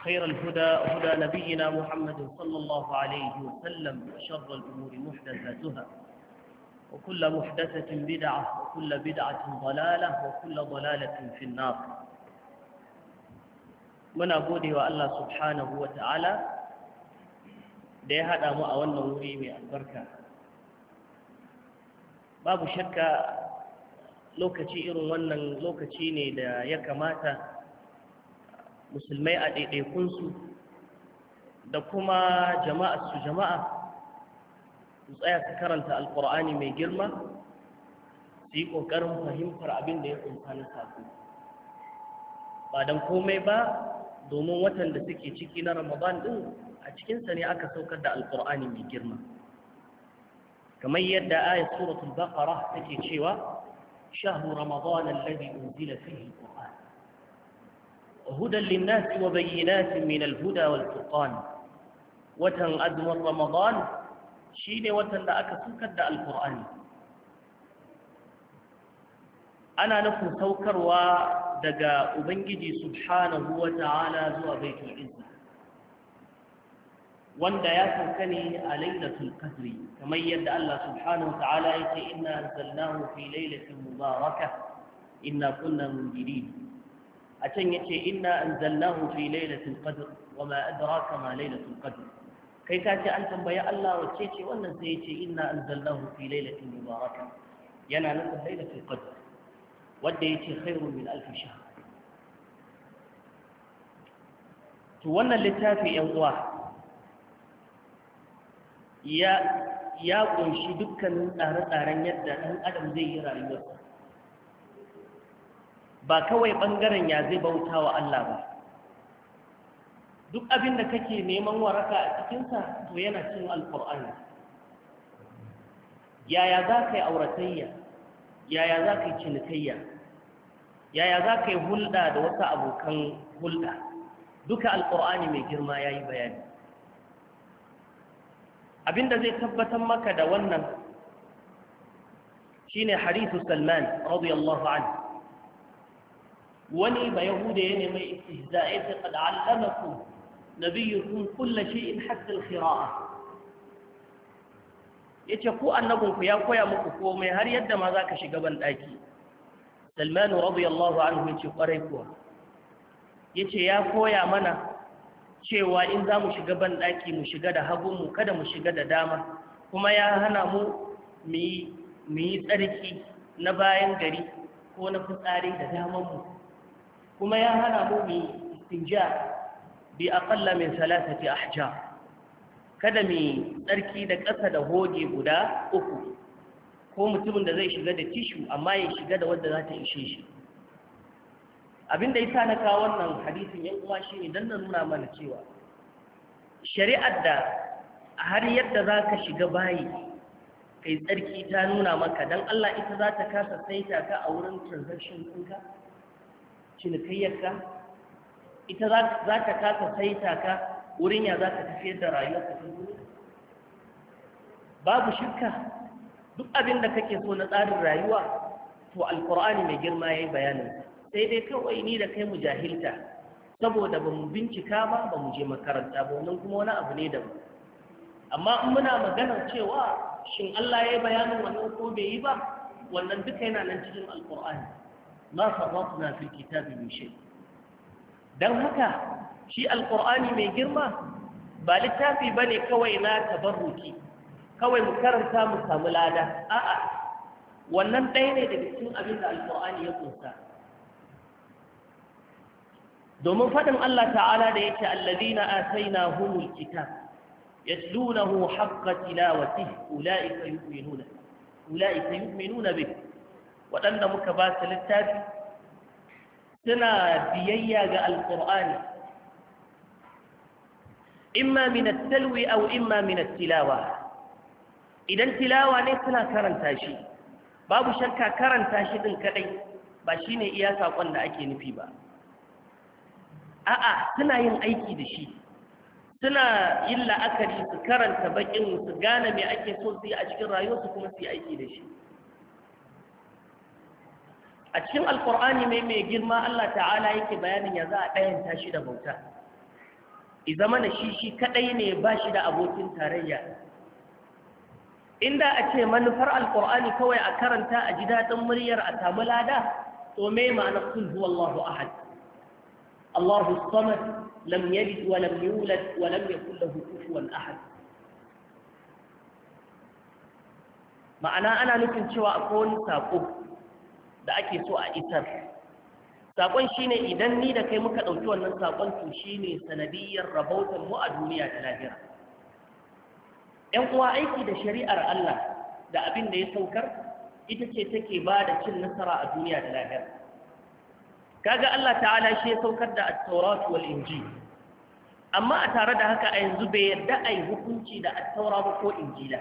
وخير الهدى هدى نبينا محمد صلى الله عليه وسلم وشر الأمور محدثاتها وكل محدثة بدعة وكل بدعة ضلالة وكل ضلالة في النار من أبودي وألا سبحانه وتعالى دي هذا ما أولنا وريمي البركة باب شك lokaci irin wannan lokaci ne da ya kamata musulmai a ɗaiɗaikunsu da kuma jama'a su jama'a su tsaya su karanta alkur'ani mai girma su yi ƙoƙarin fahimtar abin da ya kunsa na saƙo ba don komai ba domin watan da suke ciki na ramadan ɗin a cikinsa ne aka saukar da alkur'ani mai girma kamar yadda ayat suratul baqara take cewa shahru ramadan alladhi unzila fihi هدى للناس وبينات من الهدى والفرقان watan azumin ramadan shi ne watan da aka saukar da alkur'ani ana nufin saukarwa daga ubangiji subhanahu wa ta'ala zuwa baitul izza wanda ya sauka ne a lailatul qadri kamar yadda Allah subhanahu wa ta'ala yake inna anzalnahu fi lailatin mubarakah ina kunna mundirin أتن يتي إنا أنزلناه في ليلة القدر وما أدراك ما ليلة القدر كي كاتي أنت بيا الله وتيتي وأن سيتي إنا أنزلناه في ليلة مباركة ينا نقل ليلة القدر وديتي خير من ألف شهر تولى اللتافي تافي ya يا يا dukkanin tsare-tsaren yadda ɗan adam zai yi rayuwarsa ba kawai ɓangaren ya zai bauta wa Allah ba duk abin da kake neman waraka a cikinsa to yana cin alƙur'ani yaya za ka yi auratayya yaya za ka yi cinikayya yaya za ka yi hulɗa da wasu abokan hulɗa duka alƙur'ani mai girma ya yi bayani Abinda zai tabbatar maka da wannan shine harisu salman radiyallahu anhu wani ba yahuda ya nemi istihza ya ce qad allamakum nabiyukum kull shay'in hatta al-qira'a yace ku annabinku ya koya muku komai har yadda ma zaka shiga ban daki Salman radiyallahu anhu yace kwarai kuwa yace ya koya mana cewa in za mu shiga ban daki mu shiga da mu kada mu shiga da dama kuma ya hana mu mu yi tsarki na bayan gari ko na fitsari da damar mu. kuma ya hana mu mu istinja bi aqalla min salasati ahjar kada mi tsarki da ƙasa da hoge guda uku ko mutumin da zai shiga da tishu amma ya shiga da wanda za ta ishe shi abin da yasa na kawo wannan hadisin yan uwa shine dan na nuna mana cewa shari'ar da har yadda zaka shiga bayi kai tsarki ta nuna maka dan Allah ita za ta kasa saita ka a wurin transaction ɗinka cinikayyarka ita za ta kasa saita ka wurin ya za ka tafiyar da rayuwarka ta babu shirka duk abin da kake so na tsarin rayuwa to alkur'ani mai girma ya yi bayanin sai dai kawai ni da kai mu jahilta saboda ba mu bincika ba ba mu je makaranta ba wannan kuma wani abu ne da amma in muna maganar cewa shin Allah ya yi bayanin wannan ko bai yi ba wannan duka yana nan cikin alkur'ani ma farratna fil kitabi min shay Don haka shi alqur'ani mai girma ba littafi ba ne kawai na tabarruki kawai mu karanta mu samu lada a'a wannan ɗaya ne daga cikin abin da alqur'ani ya kunsa domin faɗin Allah ta'ala da yake alladina ataina humul kitab yatlunahu haqqa tilawatihi ulaika yu'minuna ulaika yu'minuna bihi waɗanda muka ba su littafi suna biyayya ga alƙur'ani imma min talwi au imma tilawa idan tilawa ne suna karanta shi babu shakka karanta shi ɗin kaɗai. ba shine iya sakon da ake nufi ba a'a suna yin aiki da shi suna yin la'akari su karanta baƙin su gane me ake so su yi a cikin rayuwarsu kuma su yi aiki da shi a cikin alkur'ani mai mai girma Allah ta'ala yake bayanin ya za a ɗayanta shi da bauta izama na shi shi kaɗai ne ba shi da abokin tarayya inda a ce manufar alkur'ani kawai a karanta a ji daɗin muryar a samu lada to me ma'anar kun huwa Allahu ahad Allahu samad lam yalid wa lam yulad wa lam yakul lahu kufuwan ahad ma'ana ana nufin cewa akwai wani sako da ake so a isar saƙon shine idan ni da kai muka ɗauki wannan saƙon to ne sanadiyyar rabautan mu a duniya ta lahira ‘yan uwa aiki da shari'ar Allah da abin da ya saukar ita ce take ba da cin nasara a duniya ta lahira kaga Allah ta'ala shi ya saukar da at-taurat wal amma a tare da haka a yanzu bai yarda a yi hukunci da at-taura ba ko injila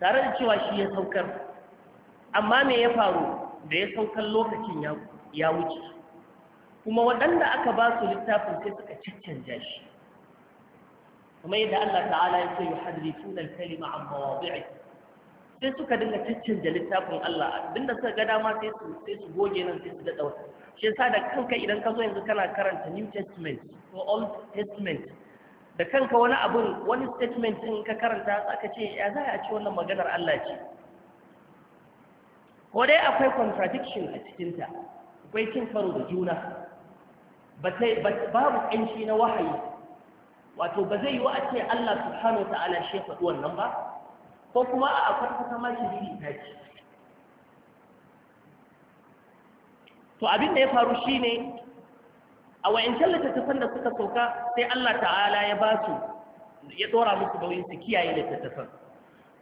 tare da cewa shi ya saukar amma me ya faru da ya saukan lokacin ya wuce kuma waɗanda aka ba su littafin sai suka caccanja shi kuma yadda Allah ta'ala ya ce yuhadrifun al-kalima an mawadi'i sai suka dinga caccanja littafin Allah abinda suka ga dama sai su sai su goge nan sai su da dauka shi yasa da kanka idan ka zo yanzu kana karanta New Testament ko Old Testament da kanka wani abun wani statement din ka karanta aka ce ya za a ci wannan maganar Allah ce ko dai akwai contradiction a cikinta akwai cin karo da juna babu ƙanshi na wahayi wato ba zai yi wa a ce Allah subhanahu wa ta'ala shi faɗi wannan ba ko kuma a akwai kuka ma shi biri ta ce to abin da ya faru shine a wayancan littattafan da suka sauka sai Allah ta'ala ya ba su ya tsora musu nauyin su kiyaye littattafan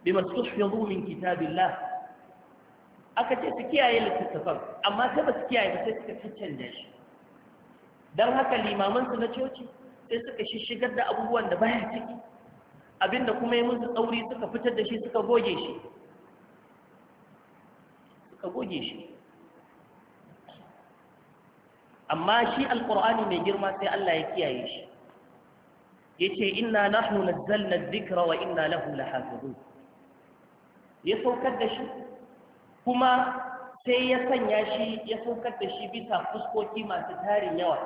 bima tuhfizu min kitabillah aka ce su kiyaye littattafan amma sai ba su kiyaye ba sai suka cancanja shi don haka limamansu na coci sai suka shishigar da abubuwan da baya ciki abinda kuma yi musu tsauri suka fitar da shi suka goge shi suka goge shi amma shi alkur'ani mai girma sai Allah ya kiyaye shi Ya yace inna nahnu nazzalna dhikra wa inna lahu lahafizun ya saukar da shi kuma sai ya sanya shi ya saukar da shi bisa fuskoki masu tarin yawa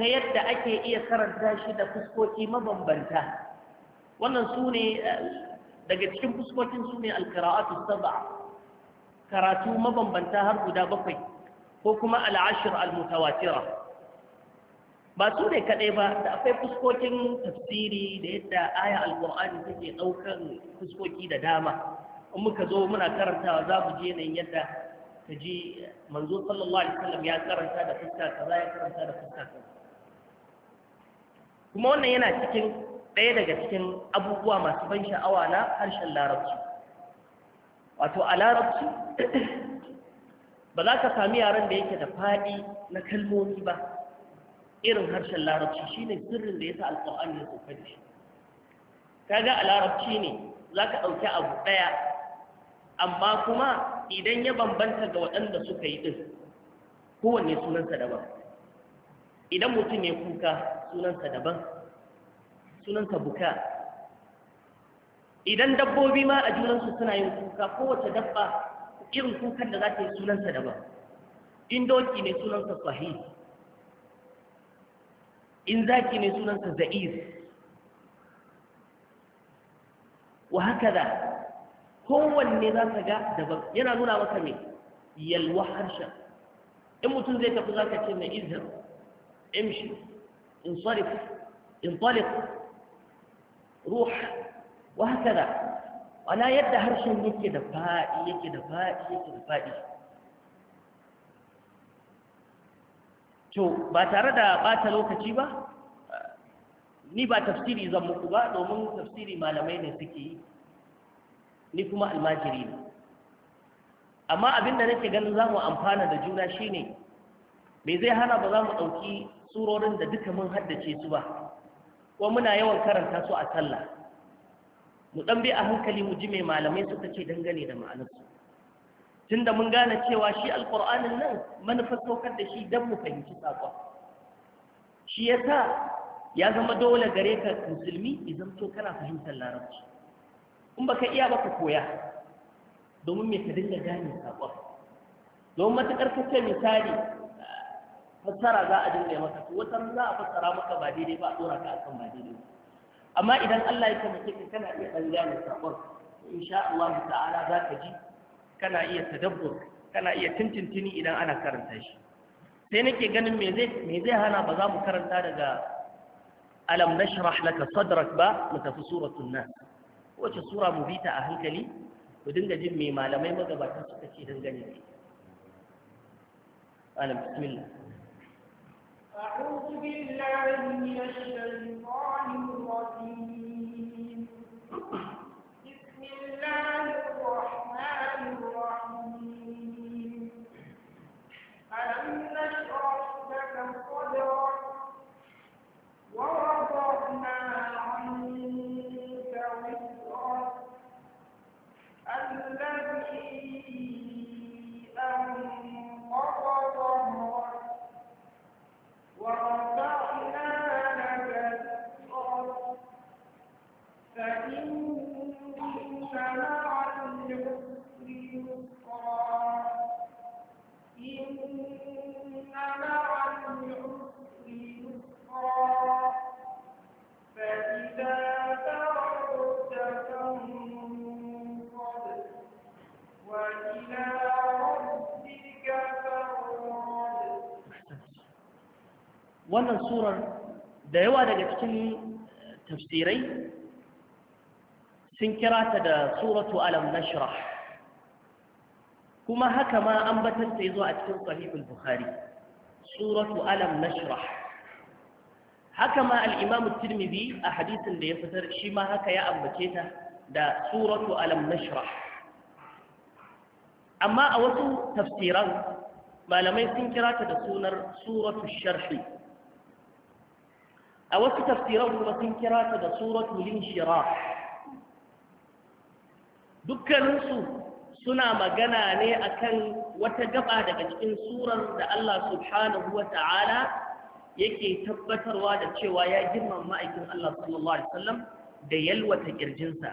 ta yadda ake iya karanta shi da fuskoki mabambanta wannan su ne daga cikin fuskokin su ne alkara'atu saba karatu mabambanta har guda bakwai ko kuma al'ashir al-mutawatira ba su ne kaɗai ba da akwai fuskokin tafsiri da yadda aya alkur'ani take ɗaukar fuskoki da dama in muka zo muna karantawa za mu je nan yadda ka ji manzo sallallahu alaihi wasallam ya karanta da fuska kaza ya karanta da fuska kaza kuma wannan yana cikin ɗaya daga cikin abubuwa masu ban sha'awa na harshen larabci wato a larabci ba za ka sami yaren da yake da faɗi na kalmomi ba irin harshen larabci shine sirrin da ya sa alƙur'ani ya tsofa da shi kaga a larabci ne za ka ɗauki abu ɗaya amma kuma idan ya bambanta ga waɗanda suka yi ɗin kowanne sunansa daban idan mutum ya kuka sunansa daban sunansa buka idan dabbobi ma a junansu suna yin kuka kowace dabba irin kukan da za ta yi sunansa daban in doki ne sunansa fahim, in zaki ne sunansa za'ir wa haka za kowanne za ka ga daban yana nuna maka mai yalwa harshen in mutum zai tafi za ka ce mai izhar imshi in sarif in talif ruh wa haka da wana yadda harshen yake da fa'i yake da fa'i yake da fa'i to ba tare da ɓata lokaci ba ni ba tafsiri zan muku ba domin tafsiri malamai ne suke yi ni kuma almajiri ne amma abin da nake ganin za mu amfana da juna shine me zai hana ba za mu ɗauki surorin da duka mun haddace su ba ko muna yawan karanta su a sallah mu ɗan bi a hankali mu ji mai malamai suka ce dangane da ma'anarsu tunda mun gane cewa shi alƙur'anin nan manufar saukar da shi don mu fahimci saƙon shi yasa ya zama dole gare ka musulmi idan to kana fahimtar larabci in baka iya baka koya domin me ka dinga gane sakon domin matuƙar kace misali ah, fassara za a dinga maka to wata za a fassara maka ba daidai ba a dora ka akan ba daidai amma idan Allah ya kamace ka kana iya dan gane sakon insha Allah ta'ala za ka ji kana iya tadabbur kana iya tuntuntuni idan ana karanta shi sai nake ganin me zai me zai hana ba za mu karanta daga alam nashrah laka sadrak ba mu tafi suratul nas wace sura mu bita a hankali ku dinga jin mai malamai magabatan suka ce dangane ne malam bismillah وعلى wannan surar da yawa daga cikin tafsirai sun kira ta da suratu alam nashra kuma haka ma an batanta ya zuwa a cikin sahihul bukhari suratu alam nashra haka ma al-imam at-tirmidhi a hadisin da ya fitar shi ma haka ya ambace ta da suratu alam nashra amma a wasu tafsiran malamai sun kira ta da sunar suratu sharhi a wasu tafsiran kuma sun kira ta da suratulin shira. dukkaninsu suna magana ne akan wata gaba daga cikin surar da Allah subhanahu wa ta'ala yake tabbatarwa da cewa ya girmama ma'aikin Allah sallallahu Alaihi wasallam da yalwata ƙirjinsa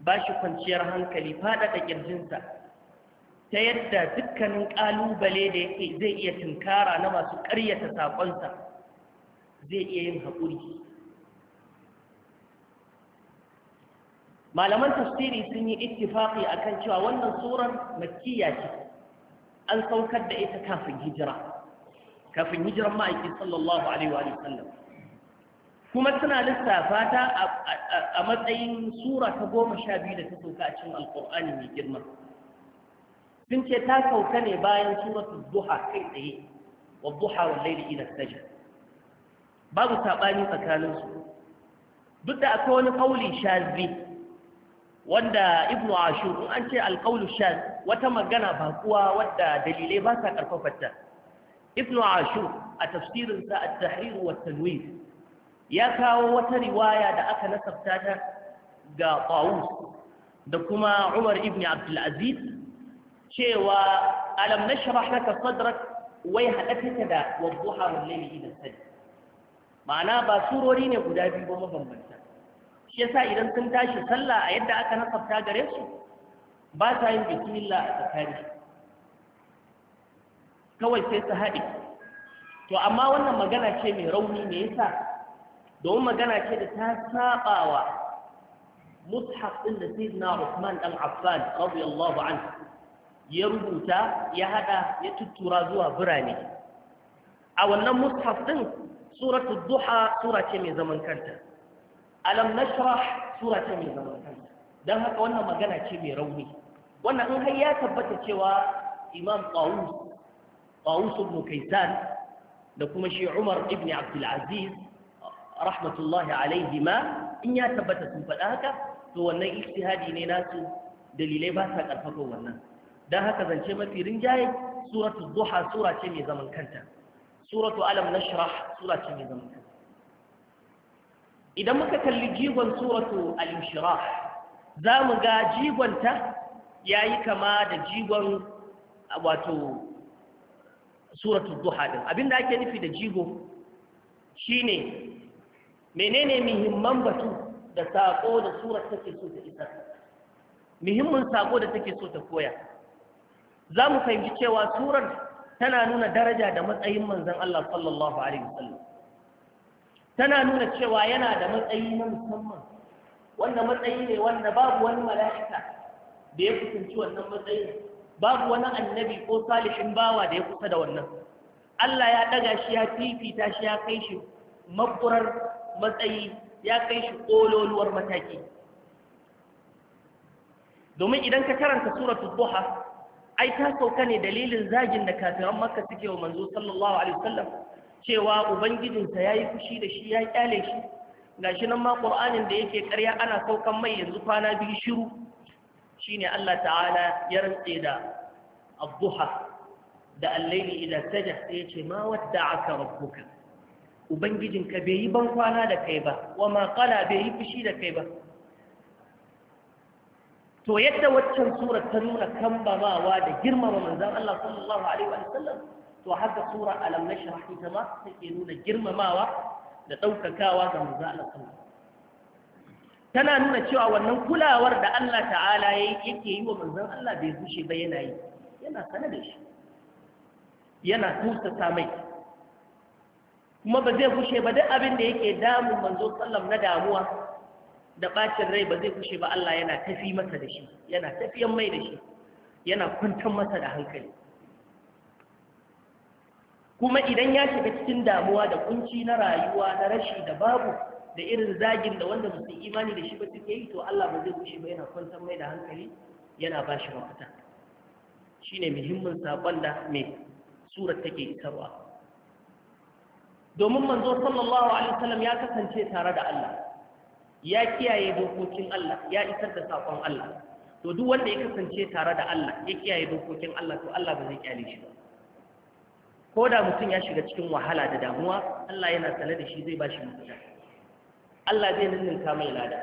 ba shi kwanciyar hankali faɗaɗa ƙirjinsa ta yadda dukkanin ƙalubale da yake zai iya tunkara na masu ƙaryata saƙonsa zai iya yin haƙuri malaman tafsiri sun yi ittifaqi akan cewa wannan surar makkiya ce an saukar da ita kafin hijira kafin hijiran ma'aiki sallallahu alaihi wa sallam kuma suna lissafa ta a matsayin sura ta goma sha biyu da ta sauka a cikin alƙur'ani mai girma sun ce ta sauka ne bayan suratul duha kai tsaye wa duha wal layli idha sajada babu saɓani tsakaninsu duk da akwai wani ƙauli shazi wanda ibn ashur in an ce alƙaulu shaz wata magana ba kuwa wadda dalilai ba sa ƙarfafarta ibn ashur a tafsirinsa a tahrir wa tanwir ya kawo wata riwaya da aka nasabta ta ga qawus da kuma umar ibn abdul aziz cewa alam na laka sadrak wai hada take da wadduha wal ne idan sadi ma'ana ba surori ne guda biyu ba mabambanta shi yasa idan sun tashi sallah a yadda aka nasabta gare su ba sa yin bismillah a tsakari. kawai sai su haɗe to amma wannan magana ce mai rauni me yasa domin magana ce da ta saɓawa mushaf ɗin da sayyidina Uthman dan Affan radiyallahu anhu ya rubuta ya haɗa ya tuttura zuwa birane a wannan mushaf ɗin suratul duha sura ce mai zaman kanta alam nashrah sura ce mai zaman kanta dan haka wannan magana ce mai rauni wannan in har ya tabbata cewa imam qawus qawus ibn kaitan da kuma shi umar ibn abdul aziz rahmatullahi alaihima in ya tabbata sun faɗa haka to wannan ijtihadi ne nasu dalilai ba sa karfafa wannan dan haka zance mafi rinjaye suratul duha sura ce mai zaman kanta suratu alam nashrah sura ce mai zama idan muka kalli jigon suratu al-inshirah za mu ga jigonta ya yi kama da jigon wato suratu duha din da ake nufi da jigo shine menene muhimman batu da sako da surar take so ta isa muhimmin sako da take so ta koya za mu fahimci cewa surar tana nuna daraja da matsayin manzon Allah sallallahu alaihi wasallam tana nuna cewa yana da matsayi na musamman wanda matsayi ne wanda babu wani mala'ika da ya kusanci wannan matsayin babu wani annabi ko salihin bawa da ya kusa da wannan Allah ya daga shi ya fifita shi ya kai shi makurar matsayi ya kai shi ƙololuwar mataki domin idan ka karanta suratul duha ai ta sauka ne dalilin zagin da kafiran makka suke wa manzo sallallahu alaihi wasallam cewa ubangijinsa ya yi fushi da shi ya kyale shi gashi nan ma ƙur'anin da yake ƙarya ana saukan mai yanzu kwana biyu shiru shine Allah ta'ala ya rantse da adduha da al-layli idan saja sai ya ce ma wadda'aka rabbuka ubangijinka bai yi ban kwana da kai ba wa ma bai yi fushi da kai ba to yadda waccan sura ta nuna kambamawa da girmama manzan Allah sallallahu alaihi wa sallam to haka sura alam ta sharahi ta ke nuna girmamawa da ɗaukakawa ga manzan Allah sallallahu tana nuna cewa wannan kulawar da Allah ta'ala yake yi wa manzan Allah bai gushe ba yana yi yana sanar da shi yana tusa ta mai kuma ba zai gushe ba duk abin da yake damun manzo sallam na damuwa da ɓacin rai ba zai kushe ba Allah yana tafi masa da shi yana tafiyan mai da shi yana kwantar masa da hankali kuma idan ya shiga cikin damuwa da kunci na rayuwa na rashi da babu da irin zagin da wanda musu imani da shi ba suke yi to Allah ba zai kushe ba yana kwantar mai da hankali yana ba shi mafita shi ne muhimmin saƙon da mai surar take isarwa domin manzo sallallahu alaihi wasallam ya kasance tare da Allah ya kiyaye dokokin Allah ya isar da sakon Allah to duk wanda ya kasance tare da Allah ya kiyaye dokokin Allah to Allah ba zai kyale shi ba ko da mutum ya shiga cikin wahala da damuwa Allah yana sane da shi zai ba shi mafita Allah zai ninninka mai lada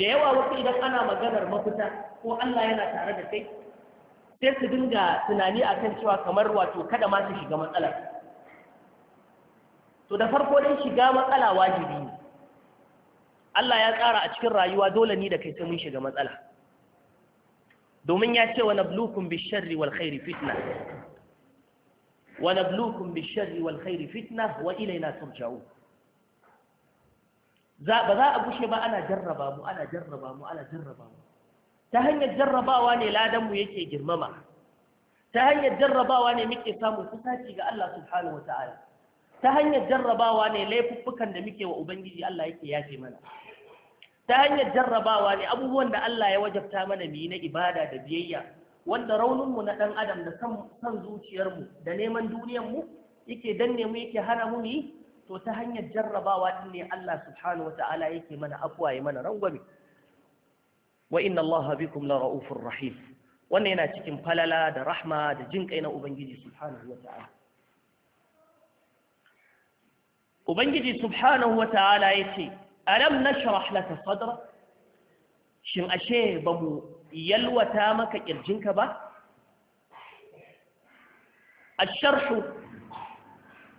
da yawa wasu idan ana maganar mafita ko Allah yana tare da kai sai su dinga tunani akan cewa kamar wato kada ma su shiga matsalar to da farko dai shiga matsala wajibi Allah ya tsara a cikin rayuwa dole ni da kai sai mun shiga matsala domin ya ce wani nablukum bisharri wal khairi fitna wani nablukum bisharri wal khairi fitna wa ilaina turja'un za ba za a gushe ba ana jarraba mu ana jarraba mu ana jarraba mu ta hanyar jarrabawa ne ladanmu yake girmama ta hanyar jarrabawa ne muke samun kusaci ga Allah subhanahu wataala ta hanyar jarrabawa ne laifuffukan da muke wa ubangiji Allah yake yafe mana ta hanyar jarrabawa ne abubuwan da Allah ya wajabta mana mu na ibada da biyayya wanda rauninmu na ɗan adam da son zuciyarmu da neman duniyarmu yake danne mu yake hana mu yi to ta hanyar jarrabawa din ne Allah subhanahu wata'ala yake mana afuwa ya mana rangwame wa inna Allah bikum la ra'ufur rahim wannan yana cikin falala da rahma da jin kai na ubangiji subhanahu wata'ala ubangiji subhanahu wata'ala yace alam nashrah laka sadra shin ashe ba mu yalwata maka ka ba الشرح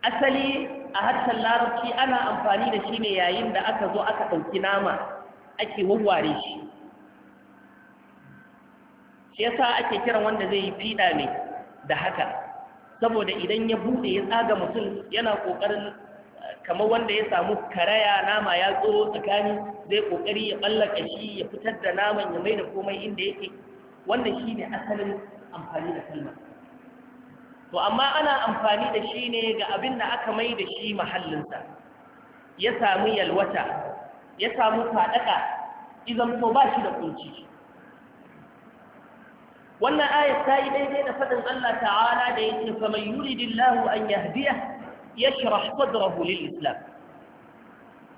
asali a harshen larabci ana amfani da shi ne yayin da aka zo aka ɗauki nama ake wawware shi shi yasa ake kiran wanda zai yi fiɗa ne da haka saboda idan ya buɗe ya tsaga mutum yana ƙoƙarin kamar wanda ya samu karaya nama ya tsoro tsakani zai kokari ya ballaka shi ya fitar da naman ya mai da komai inda yake wannan shi ne asalin amfani da kalma to amma ana amfani da shi ne ga abin da aka mai da shi mahallinsa ya samu yalwata ya samu faɗaƙa izan to ba shi da kunci wannan ayat ta yi daidai da faɗin Allah ta'ala da ya ce, fa man yuridillahu an yahdiyahu yashrah sadrahu lil islam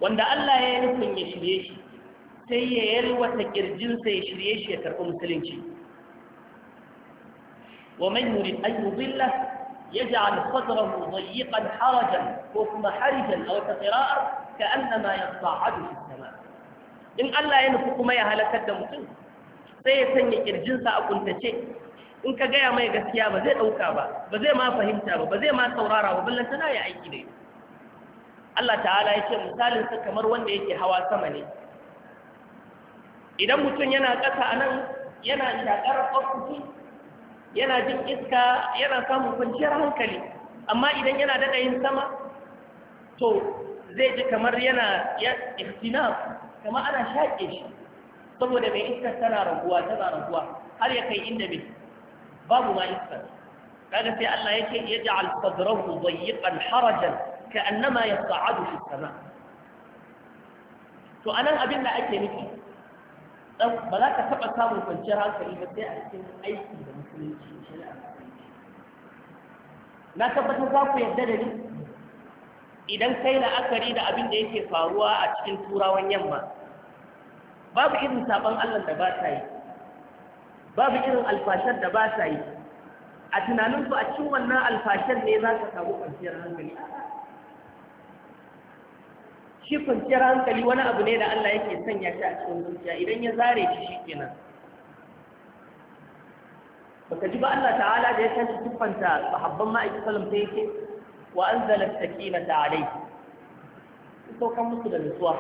wanda Allah ya yi nufin ya shirye shi sai ya yalwata ƙirjinsa ya shirye shi ya karɓi musulunci wa man yurid an yudilla yaj'al sadrahu dayyiqan harajan ko kuma harijan aw ta ka'annama yas'adu fi sama in Allah ya nufi kuma ya halakar da mutum sai ya sanya kirjinsa a kuntace in ka gaya mai gaskiya ba zai ɗauka ba ba zai ma fahimta ba ba zai ma saurara ba ballanta na ya aiki dai Allah ta'ala ya ce misalin sa kamar wanda yake hawa sama ne idan mutum yana ƙasa a nan yana shakar oxygen yana jin iska yana samun kwanciyar hankali amma idan yana daɗa yin sama to zai ji kamar yana ya ihtinaf kamar ana shaƙe shi saboda mai iskar tana raguwa tana raguwa har ya kai inda bai. babu ma iskar kaga sai Allah yake yaj'al sadrahu dayyiqan harajan ka'annama yas'adu fi sama to anan abin da ake nufi ba za ka taɓa samun kwanciyar hankali ba sai a cikin aiki da musulunci shari'a na tabbatar za ku yarda da ni idan kai la'akari da abin da yake faruwa a cikin turawan yamma babu irin saban Allah da ba ta yi babu irin alfashar da ba sa yi a tunanin tunaninsu a cikin wannan alfashar ne za ka samu kwanciyar hankali shi kwanciyar hankali wani abu ne da Allah yake sanya shi a cikin zuciya idan ya zare shi shi kenan baka ji ba Allah ta'ala da ya tashi tuffanta sahabban ma'aikatan salam ta yake wa anzala sakinata alayhi kan musu da nutsuwa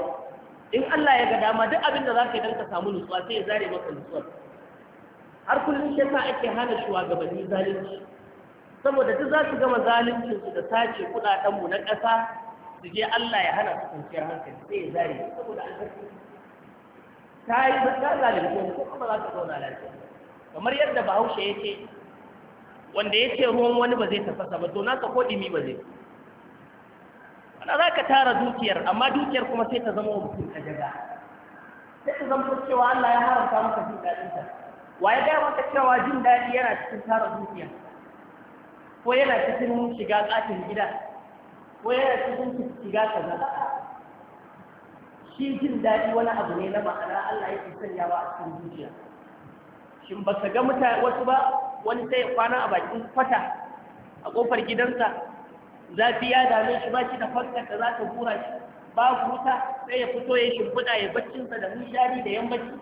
in Allah ya ga dama duk abin da zaka yi dan ka samu nutsuwa sai ya zare maka nutsuwa har kullum shi yasa ake hana shugabanni zalunci saboda duk za su gama zalunci su da sace kudaden mu na ƙasa su je Allah ya hana su kwanciyar hankali sai ya zare saboda an ta yi zakar zalunci ko kuma za ta zauna lafiya kamar yadda Bahaushe ya ce wanda ya ce ruwan wani ba zai tafasa ba to naka ko dimi ba zai wanda za ka tara dukiyar amma dukiyar kuma sai ta zama wa mutum ka jaga sai ta zama cewa Allah ya haramta maka jin ta. wa ya gaya maka cewa jin daɗi yana cikin tara dukiya ko yana cikin shiga ƙatin gida ko yana cikin shiga kaza shi jin daɗi wani abu ne na ma'ana Allah yake ba a cikin dukiya shin ba ka ga mutane wasu ba wani sai ya kwana a bakin kwata a ƙofar gidansa zafi ya dame shi ba shi da fanka da za ta hura shi ku wuta sai ya fito ya shimfiɗa ya baccinsa da munshari da yammaci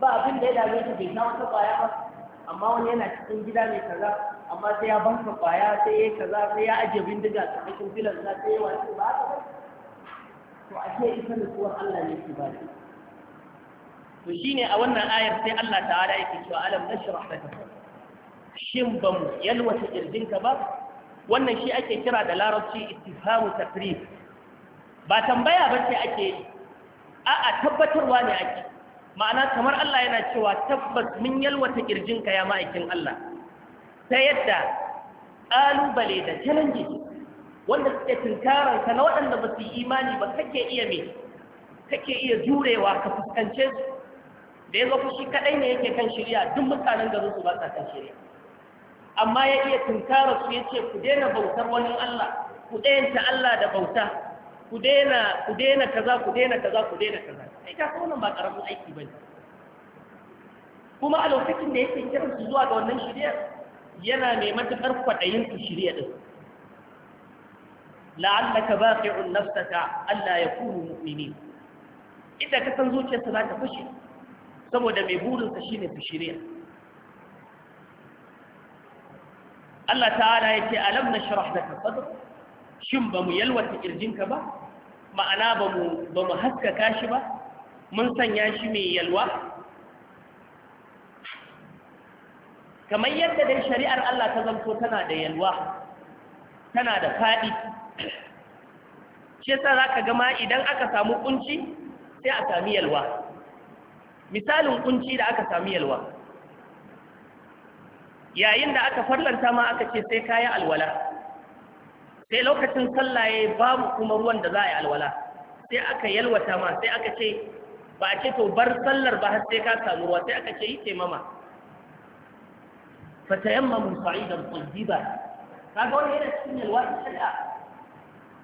ba abin da ya dame shi bai kawo ta kwaya ba amma wani yana cikin gida mai kaza amma sai ya banka kwaya sai ya yi kaza sai ya ajiye bindiga a cikin filan na sai ya wasu, ba haka ba to ashe ita nutsuwar Allah ne ke ba shi to shine a wannan ayar sai Allah ta ta'ala yake cewa alam nashrah laka shin ba mu yalwata kirjinka ba wannan shi ake kira da larabci istifhamu tafrid ba tambaya ba ce ake a'a tabbatarwa ne ake ma'ana kamar Allah yana cewa tabbas mun yalwata ka ya ma'aikin Allah ta yadda ƙalubale da challenges wanda suke tunkaranka na waɗanda ba su yi imani ba kake iya me kake iya jurewa ka fuskance su da ya zafi shi kaɗai ne yake kan shirya duk mutanen garin su ba sa kan shirya amma ya iya tunkara su ya ce ku daina bautar wani Allah ku ɗayanta Allah da bauta ku daina ku daina kaza ku daina kaza ku daina kaza sai ka san wannan ba karamin aiki bane kuma a lokacin da yake kiran su zuwa ga wannan shirya yana mai matukar kwaɗayin su shirya din la'allaka baqi'un nafsaka alla yakunu mu'minin idan ka san zuciyarsa za ta fushi, saboda mai burinsa shine su shirya Allah ta'ala ya ce alam na shirah da kasadar shin ba mu yalwata ƙirjinka ba ma'ana ba mu haskaka shi ba mun sanya shi mai yalwa kamar yadda dai shari'ar Allah ta zanto tana da yalwa tana da faɗi shi yasa za ka gama idan aka samu kunci sai a sami yalwa misalin kunci da aka sami yalwa yayin da aka farlanta ma aka ce sai kayi alwala sai lokacin sallaye babu kuma ruwan da za a yi alwala sai aka yalwata ma sai aka ce ba a ce to bar sallar ba har sai ka samu ruwa sai aka ce yi taimama fatayammamu sa'idan tayyiba ga wani yana cikin yalwa da shari'a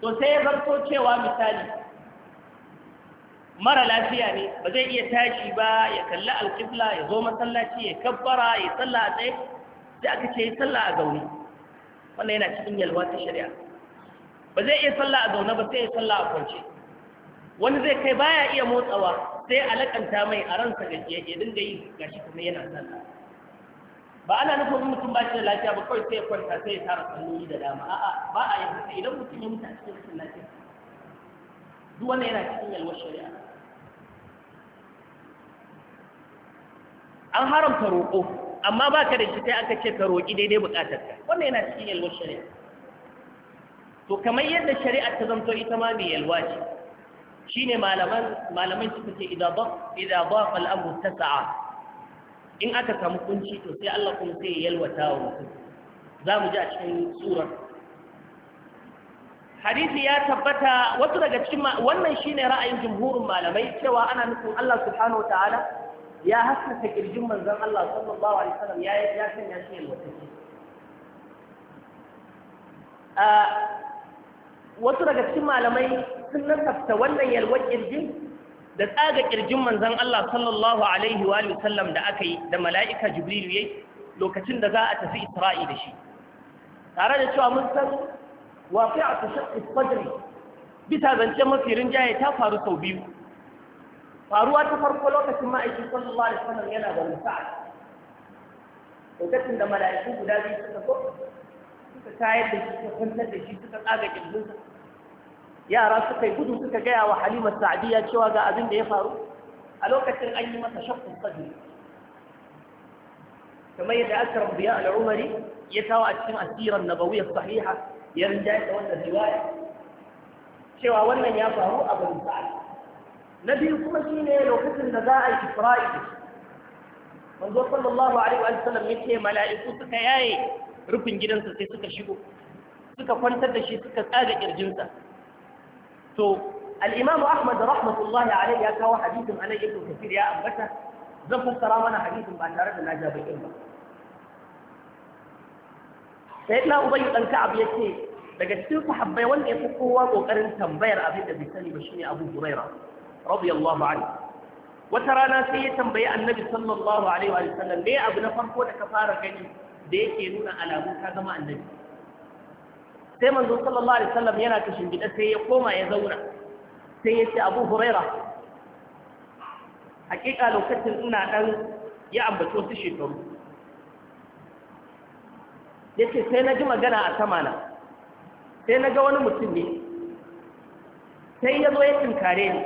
to sai ya bar so cewa misali mara lafiya ne ba zai iya tashi ba ya kalli alƙibla ya zo masallaci ya kabbara ya salla a tsaye sai aka ce yi salla a gauri wannan yana cikin yalwa ta shari'a ba zai iya sallah a zaune ba sai ya sallah a kwanci. wani zai kai baya iya motsawa sai alakanta mai a ransa da ke ya dinga yi gashi kuma yana sallah ba ana nufin mutum ba shi da lafiya ba kawai sai ya kwanta sai ya tara salloli da dama a'a ba a yi sai idan mutum ya mutu a cikin rashin lafiya duk wannan yana cikin yalwar shari'a an haramta roƙo amma ba ka da shi sai aka ce ka roƙi daidai buƙatarka wannan yana cikin yalwar shari'a to kamar yadda shari'ar ta zanto ita ma mai yalwa ce shine malaman malaman suka ce idza ba idza ba al in aka samu kunci to sai Allah kuma sai ya yalwata wa mutum za mu ji a cikin surar hadisi ya tabbata wasu daga cikin wannan shine ra'ayin jumhurin malamai cewa ana nufin Allah subhanahu wataala ya haskaka kirjin manzon Allah sallallahu alaihi wasallam ya ya sanya shi yalwata a ah, wasu daga cikin malamai sun nasafta wannan yalwar kirji da tsaga ƙirjin manzan Allah sallallahu alaihi wa sallam da aka yi da mala'ika Jibrilu, yayi lokacin da za a tafi Isra'i da shi tare da cewa mun san waqi'atu shaqqi sadri bisa zance mafi rinjaye ta faru sau biyu faruwa ta farko lokacin ma'aikin sallallahu alaihi wasallam yana da musa'a lokacin da mala'iku guda biyu suka so suka tayar da shi suka kwantar da shi suka tsaga kirjinsa yara suka yi gudu suka gaya wa halima sa'adiyya cewa ga abin da ya faru a lokacin an yi masa shakkun kadiri kamar yadda akram biya al'umari ya kawo a cikin asirar nabawiyar sahiha ya rinja da wannan riwaya cewa wannan ya faru a bani sa'ad na biyu kuma shi shine lokacin da za a yi isra'ila manzo sallallahu alaihi wa sallam ya ce mala'iku suka yaye rufin gidansa sai suka shigo suka kwantar da shi suka tsaga kirjinsa to al-imam ahmad rahmatullahi alayhi ya kawo hadithin anan ibn kafir ya ambata zan fassara mana hadithin ba tare da na ja bakin ba sai na ubayi dan ka'ab yace daga cikin sahabbai wanda ya kowa kokarin tambayar abin da bai sani ba shine abu huraira radiyallahu anhu wata rana sai ya tambayi annabi sallallahu alaihi wa sallam me abu na farko da ka fara gani da yake nuna alamun ka zama annabi sai manzo sallallahu alaihi wasallam yana kashin gida sai ya koma ya zauna sai ya ce Abu Huraira hakika lokacin ina dan ya ambaci wasu shekaru yace sai na ji magana a sama na sai na ga wani mutum ne sai ya zo ya tinkare ni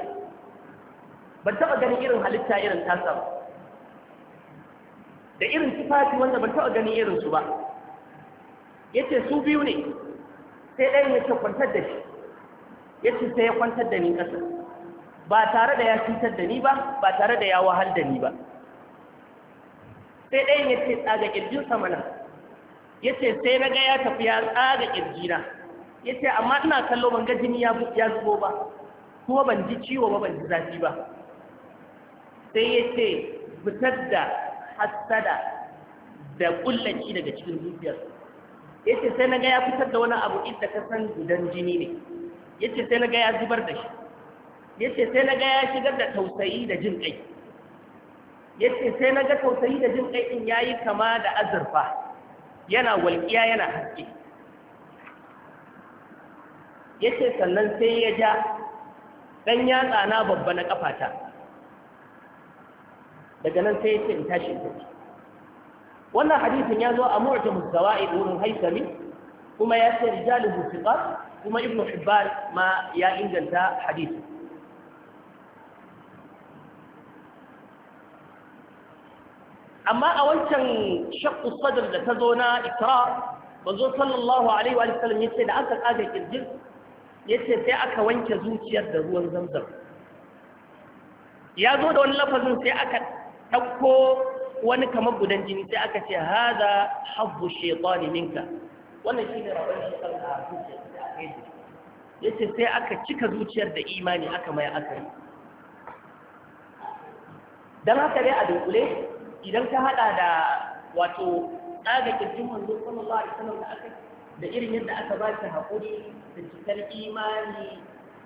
ban taɓa ganin irin halitta irin tasa ba da irin sifati wanda ban taɓa ganin irinsu ba ya ce su biyu ne sai ɗayan ya ce kwantar da shi ya ce sai ya kwantar da ni ƙasa ba tare da ya cutar da ni ba ba tare da ya wahal da ni ba sai ɗayan ya ce tsaga ƙirjinsa mana ya ce sai na ga ya tafi ya tsaga ƙirjina ya ce amma ina kallo ban ga jini ya zubo ba kuma ban ji ciwo ba ban ji zafi ba sai ya ce fitar da hassada da kullaci daga cikin zuciyarsa yace sai naga ya fitar da wani abu inda ka san gudan jini ne yace sai naga ya zubar da shi yace sai naga ya shigar da tausayi da jin kai yace sai naga tausayi da jin kai din yayi kama da azurfa yana walƙiya yana haske yace sannan sai ya ja dan yatsa na babba na kafata daga nan sai ya ce in tashi in tafi wannan hadisin ya zo a mu'ta musawa'id wurin haisami kuma ya ce rijalun musiqat kuma ibnu hibban ma ya inganta hadisin amma a wancan shakku sadr da ta zo na ikrar manzo sallallahu alaihi wa sallam yace da aka kaga kirjin yace sai aka wanke zuciyar da ruwan zamzam ya zo da wani lafazin sai aka ɗauko wani kamar gudan jini sai aka ce haza habbu shekwani ninka wannan shi ne rabon shaitan a zuciyar da aka yi ya ce sai aka cika zuciyar da imani aka mai aka don haka dai a dunkule idan ka haɗa da wato tsaga kirkin manzo ba da wasallam da aka da irin yadda aka ba shi haƙuri da cikar imani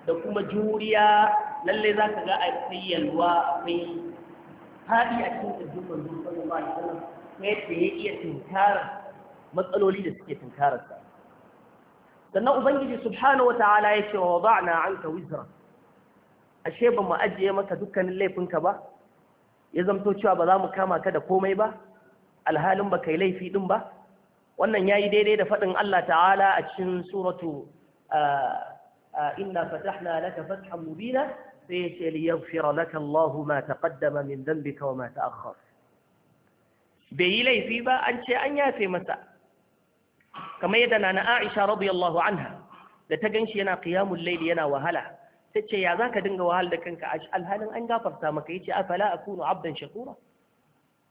da kuma juriya lallai za ka ga akwai yalwa akwai faɗi a cikin ƙirjin manzo sallallahu alaihi wasallam ta yadda ya iya tunkarar matsaloli da suke tunkararsa sannan ubangiji subhanahu wa ta'ala ya ce wa wada'na anka wizra ashe ba mu ajiye maka dukkanin laifinka ba ya zamto cewa ba za mu kama ka da komai ba alhalin ba kai laifi din ba wannan yayi daidai da faɗin Allah ta'ala a cikin suratu ah, ah, inna fatahna laka fathan mubina إيش ليغفر لك الله ما تقدم من ذنبك وما تأخر بيلي في با أن شيء أن يافي مساء كما يدنا أنا عائشة رضي الله عنها لتجنش انا قيام الليل ينا وهلا تتشي يا ذاك دنغ وهل لكنك أشأل هل أن غافر تامك يتشي أفلا أكون عبدا شكورا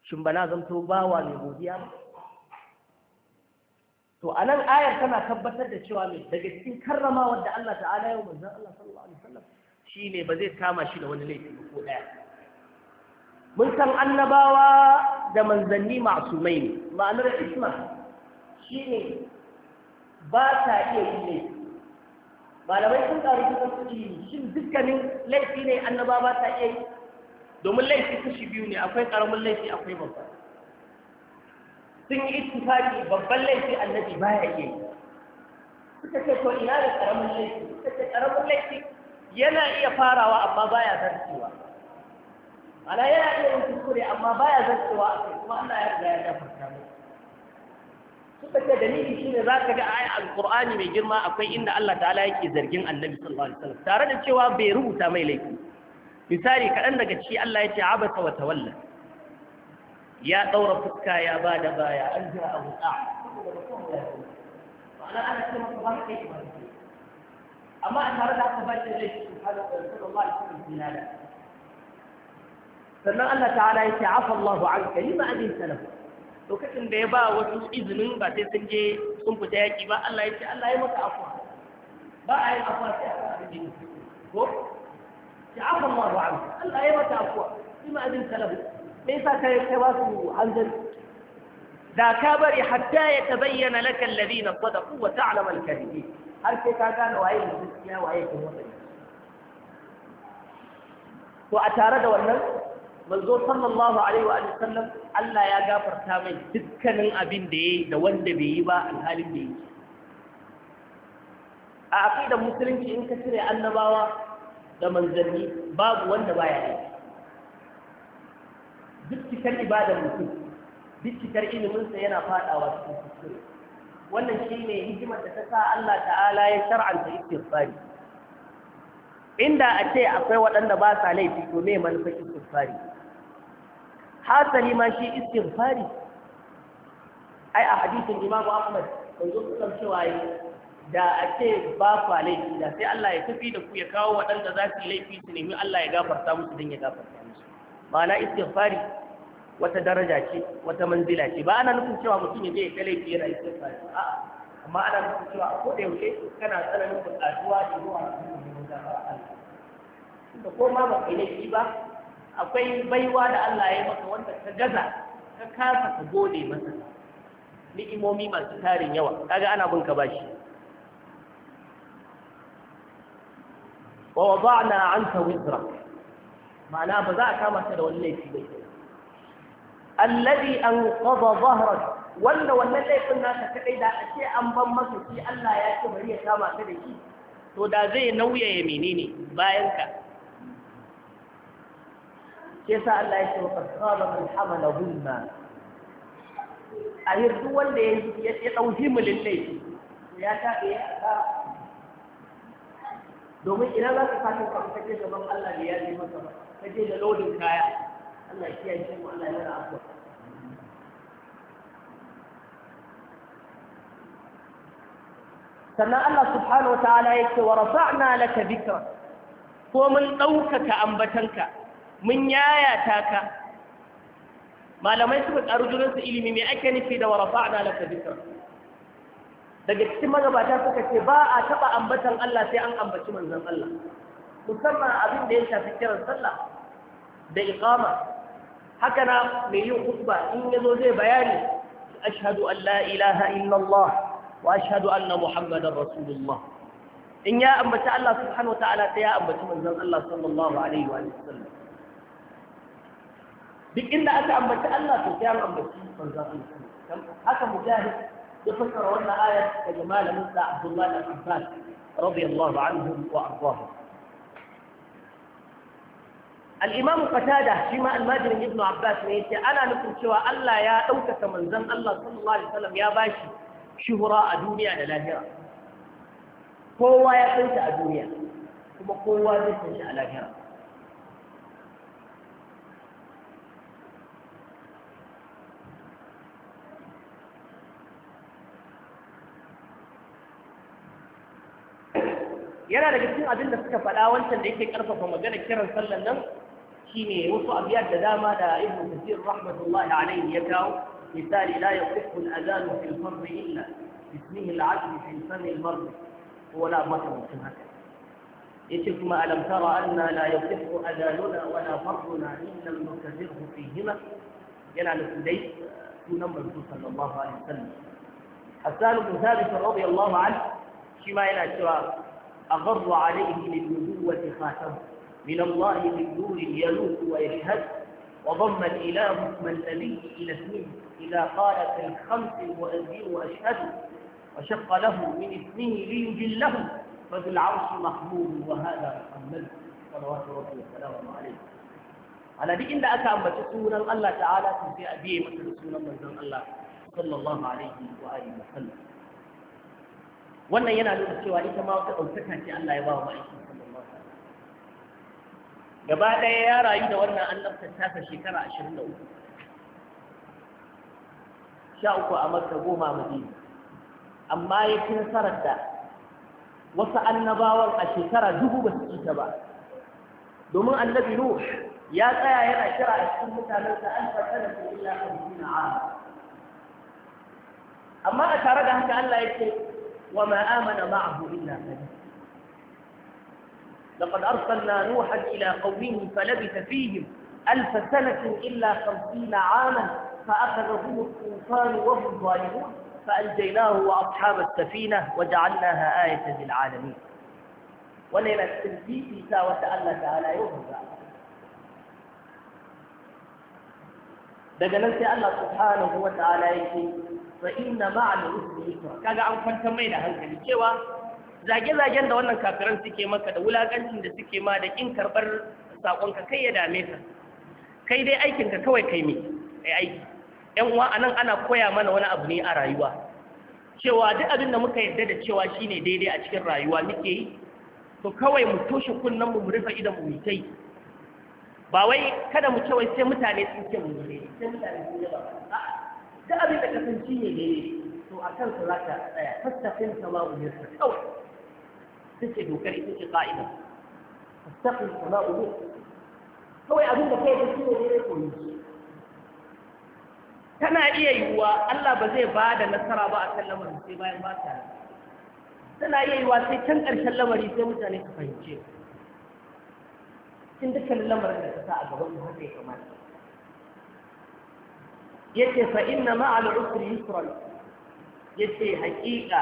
شنبنا بلازم توبا لبوديا to a nan ayar tana tabbatar da cewa mai الله تعالى يوم wadda Allah ta'ala yau manzon Allah sallallahu Shi ne ba zai kama shi da wani laifi ko ɗaya mun san annabawa da manzanni mai ne ma'anar isma ne ba ta iya yi laifi malamai sun ƙaru su kan yi. shin dukkanin laifi ne annaba ba ta iya yi domin laifi kashi biyu ne akwai ƙaramin laifi akwai babba sun yi ittifaki babban laifi annabi baya iya yi suka ce to ina da ƙaramin laifi suka ce ƙaramin laifi yana iya farawa amma baya zarcewa ana yana iya yin kuskure amma baya zarcewa a kai kuma Allah ya riga ya gafarta mu suka ce dalili shine ka ga ayi alqur'ani mai girma akwai inda Allah ta'ala yake zargin annabi sallallahu alaihi wasallam tare da cewa bai rubuta mai laifi misali kaɗan daga ciki Allah ya ce abata wa tawalla ya ɗaura fuska ya ba da baya an ja'a abu ta'a ma'ana ana cewa ba kai ba amma a tare da aka ba shi da laifi su kada da sallallahu alaihi wasallam dinala sannan Allah ta'ala ya yake afa Allahu an kalima adin salaf lokacin da ya ba wasu izinin ba sai sun je sun fita yaki ba Allah ya ce Allah ya maka afuwa." ba a yin afuwa sai a kan abin da ko ta'afa Allahu an Allah ya maka afuwa. lima adin salaf me yasa kai kai ba su hanzar? da ka bari hatta ya tabayyana laka alladhina sadaqu wa ta'lamu al-kadhibin har ke ka gane waye ne gaskiya waye ke motsa to a tare da wannan manzo sallallahu alaihi wa sallam Allah ya gafarta mai dukkanin abin da yayi da wanda bai yi ba alhalin da yake a aqidar musulunci in ka cire annabawa da manzanni babu wanda baya yi duk cikar ibadar mutum duk cikar iliminsa yana fadawa cikin kuskure wannan shi ne hikimar da ta sa Allah ta'ala ya shar'anta istighfari inda a ce akwai waɗanda ba sa laifi to me manufar istighfari hasali ma shi istighfari ai a hadisin Imam Ahmad yanzu kusan cewa yi da a ce ba fa laifi da sai Allah ya tafi da ku ya kawo waɗanda za su laifi su nemi Allah ya gafarta musu don ya gafarta musu ma'ana istighfari wata daraja ce wata manzila ce ba ana nufin cewa mutum ya je ya yana yi da istighfar a'a amma ana nufin cewa ko da yaushe kana tsananin buƙatuwa da ruwa da ko ma baka laifi ba akwai baiwa da Allah ya maka wanda ka gaza ka kasa ka gode masa ni'imomi masu tarin yawa kaga ana bin ka bashi wa wada'na anka wizra ma'ana ba za a kama ta da wani laifi ba alladhi anqadha dhahrak wanda wannan laifin naka kadai da a ce an ban masa shi Allah ya ce bari ya kama ka da shi to da zai nauya ya menene bayan ka ke sa Allah ya ce wa qasaba man hamala dhulma a duk wanda ya ya dauki mulin laifi ya ta ya ta domin idan za ka fashin ka kake gaban Allah ne ya yi masa ka je da lodin kaya Allah ya kiyaye shi Allah ya rara afuwa sannan Allah subhanahu wataala yake wa rafa'na laka dhikra ko mun ɗaukaka ambatanka mun yayata ka malamai suka ƙaru junansu ilimi mai ake nufi da wa rafa'na laka dhikra daga cikin magabata suka ce ba a taɓa ambatan Allah sai an ambaci manzon Allah musamman abin da ya shafi kiran sallah da iqama هكنا ميو خطبة إن زوجي بياني أشهد أن لا إله إلا الله وأشهد أن محمد رسول الله إن يا أمة الله سبحانه وتعالى يا أمة من الله صلى الله عليه وآله وسلم بإن أتى أمة الله يا أمة من الله هكا مجاهد يفسر وانا آية كجمال مثل عبد الله بن عباس رضي الله عنه وأرضاه al'imamu fatada shi ma almajirin ibn abbas ne yake ana nufin cewa allah ya ɗaukaka manzan allah sallallahu alaihi wasallam ya ba shuhura a duniya da lahira kowa ya san a duniya kuma kowa zai a lahira yana daga cikin abin da suka faɗa wancan da yake ƙarfafa magana kiran sallan nan شيني وصو أبيات داما دا ابن كثير رحمة الله عليه يكاو مثال لا يقف الأذان في الفر إلا باسمه العدل في الفم المرض هو لا مطر سمك يتلكم ألم ترى أن لا يقف أذاننا ولا إن لم المكذره فيهما يلا نسدي تنمى رسول صلى الله عليه وسلم حسان بن ثابت رضي الله عنه شما إلى أشرار أغر عليه للنبوة خاتمه من الله من نور يلوك ويشهد وضم الإله من النبي إلى اسمه إذا قال في الخمس المؤذن وأشهد وشق له من اسمه ليجله ففي العرش محمود وهذا محمد صلوات ربي وسلامه عليه على دي إن أكام بتسول الله تعالى في أبيه وتسول الله الله صلى الله عليه وآله وسلم وانا ينالوا السواء إذا ما أوتكا كي الله يباوه وإيه gaba ɗaya ya rayu da wannan annabtar tasa shekara ashirin da uku sha uku a makka goma madina amma ya fi nasarar da wasu annabawan a shekara dubu ba su ta ba domin annabi nuh ya tsaya yana kira a cikin mutanen da an fasara da su illa hamsina a amma a tare da haka Allah ya ce wa ma amana ma'ahu illa qalil لقد أرسلنا نوحا إلى قومه فلبث فيهم ألف سنة إلا خمسين عاما فأخذهم الطوفان وهم ظالمون فأنجيناه وأصحاب السفينة وجعلناها آية للعالمين وليلة التنفيذ ساوة وتعالى تعالى يوم daga nan sai Allah subhanahu wa ta'ala yake fa inna ma'al usri yusra kaga an kwantar mai da hankali cewa zage-zagen da wannan kafiran suke maka da wulakancin da suke ma da kin karɓar saƙonka kai ya dame ka kai dai aikinka kawai kai me kai aiki yan uwa anan ana koya mana wani abu ne a rayuwa cewa duk abin da muka yarda da cewa shine daidai a cikin rayuwa muke yi to kawai mu toshe kunnen mu mu rufe idan mu kai ba wai kada mu cewa sai mutane sun ce mu ne sai mutane sun yaba duk abin da kasance ne daidai to a su za ka tsaya fattafin sama'u ne kawai ita ce dokar ita ce ka'ida tafi kuma ubu kawai abin da kai da shi ne ne koyi tana iya yiwuwa Allah ba zai ba da nasara ba a kan lamarin sai bayan ba ta tana iya yiwuwa sai can ƙarshen lamari sai mutane su fahimce cikin dukkanin lamarin da ta sa a gaban mu haka ya kamata yace fa inna ma'al usri yusran yace haƙiƙa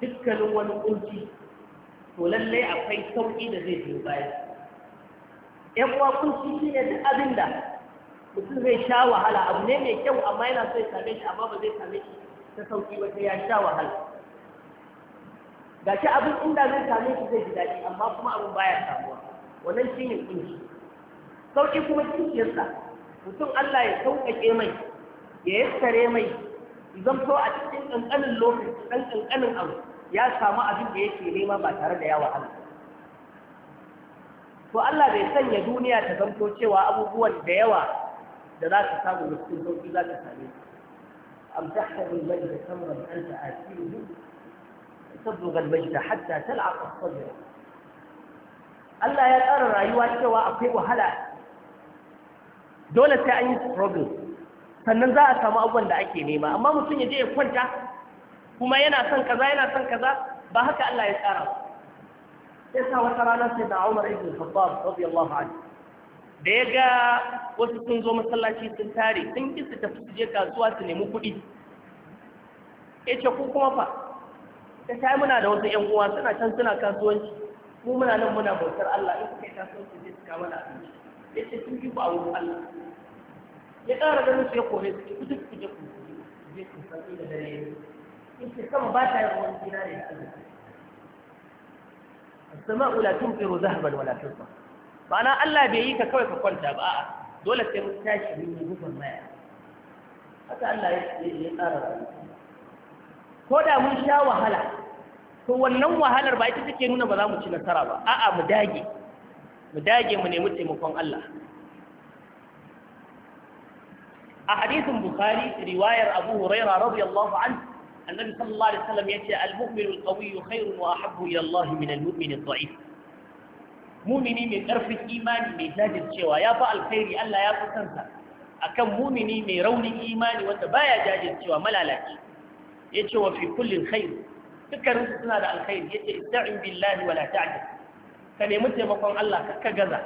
dukkanin wani kunci to lallai akwai sauƙi da zai biyo baya ‘yan uwa kun shi shi ne duk abin da mutum zai sha wahala abu ne mai kyau amma yana so ya same shi amma ba zai same shi ta sauƙi ba sai ya sha wahala ga shi abin inda zai same shi zai ji daɗi amma kuma abin baya samuwa wannan shi ne kunshi sauƙi kuma kishiyarsa mutum Allah ya sauƙaƙe mai ya yassare mai zan so a cikin ƙanƙanin lokaci ɗan ƙanƙanin abu ya samu abin da yake nema ba tare da yawa wahala to Allah bai sanya duniya ta zanto cewa abubuwan da yawa da za ka samu da cikin sauki za ka same am tahsabu al-majda kamran anta asiru tablugha al-majda hatta tal'aq as-sadr Allah ya tsara rayuwa cewa akwai wahala dole sai an yi struggle sannan za a samu abubuwan da ake nema amma mutum ya je ya kwanta kuma yana son kaza yana son kaza ba haka Allah ya tsara sai sa wata rana sai da Umar ibn Khattab radiyallahu anhu da ya ga wasu sun zo masallaci sun tare sun ki su tafi je kasuwa su nemi kuɗi ya ce ku kuma fa ta sai muna da wasu ƴan uwa suna can suna kasuwanci mu muna nan muna bautar Allah in kuka yi kasuwanci zai suka mana abinci ya ce sun fi ku a wurin Allah ya ƙara ganin su ya kore su ki ku duk ku je ku je ku san inda dare ita sama ba ta yi wani gina ne da azurfa sama'u la tumfiru zahaban wala fidda ma'ana Allah bai yi ka kawai ka kwanta ba a'a dole sai mun tashi mun yi gufan maya haka Allah ya tsara ko da mun sha wahala to wannan wahalar ba ita take nuna ba za mu ci nasara ba a'a mu dage mu dage mu nemi taimakon Allah a hadisin bukhari riwayar abu huraira radiyallahu anhu annabi sallallahu alaihi wasallam yace al-mu'minu al-qawiyyu khairun wa ahabbu ila Allah min al-mu'min al-dha'if mu'mini mai karfin imani mai jajircewa ya fa alkhairi Allah ya fi akan mu'mini mai raunin imani wanda baya jajircewa malalaci yace wa fi kulli khair dukkanin suna da alkhairi yace ista'in billahi wa la ta'jaz ka nemi taimakon Allah ka gaza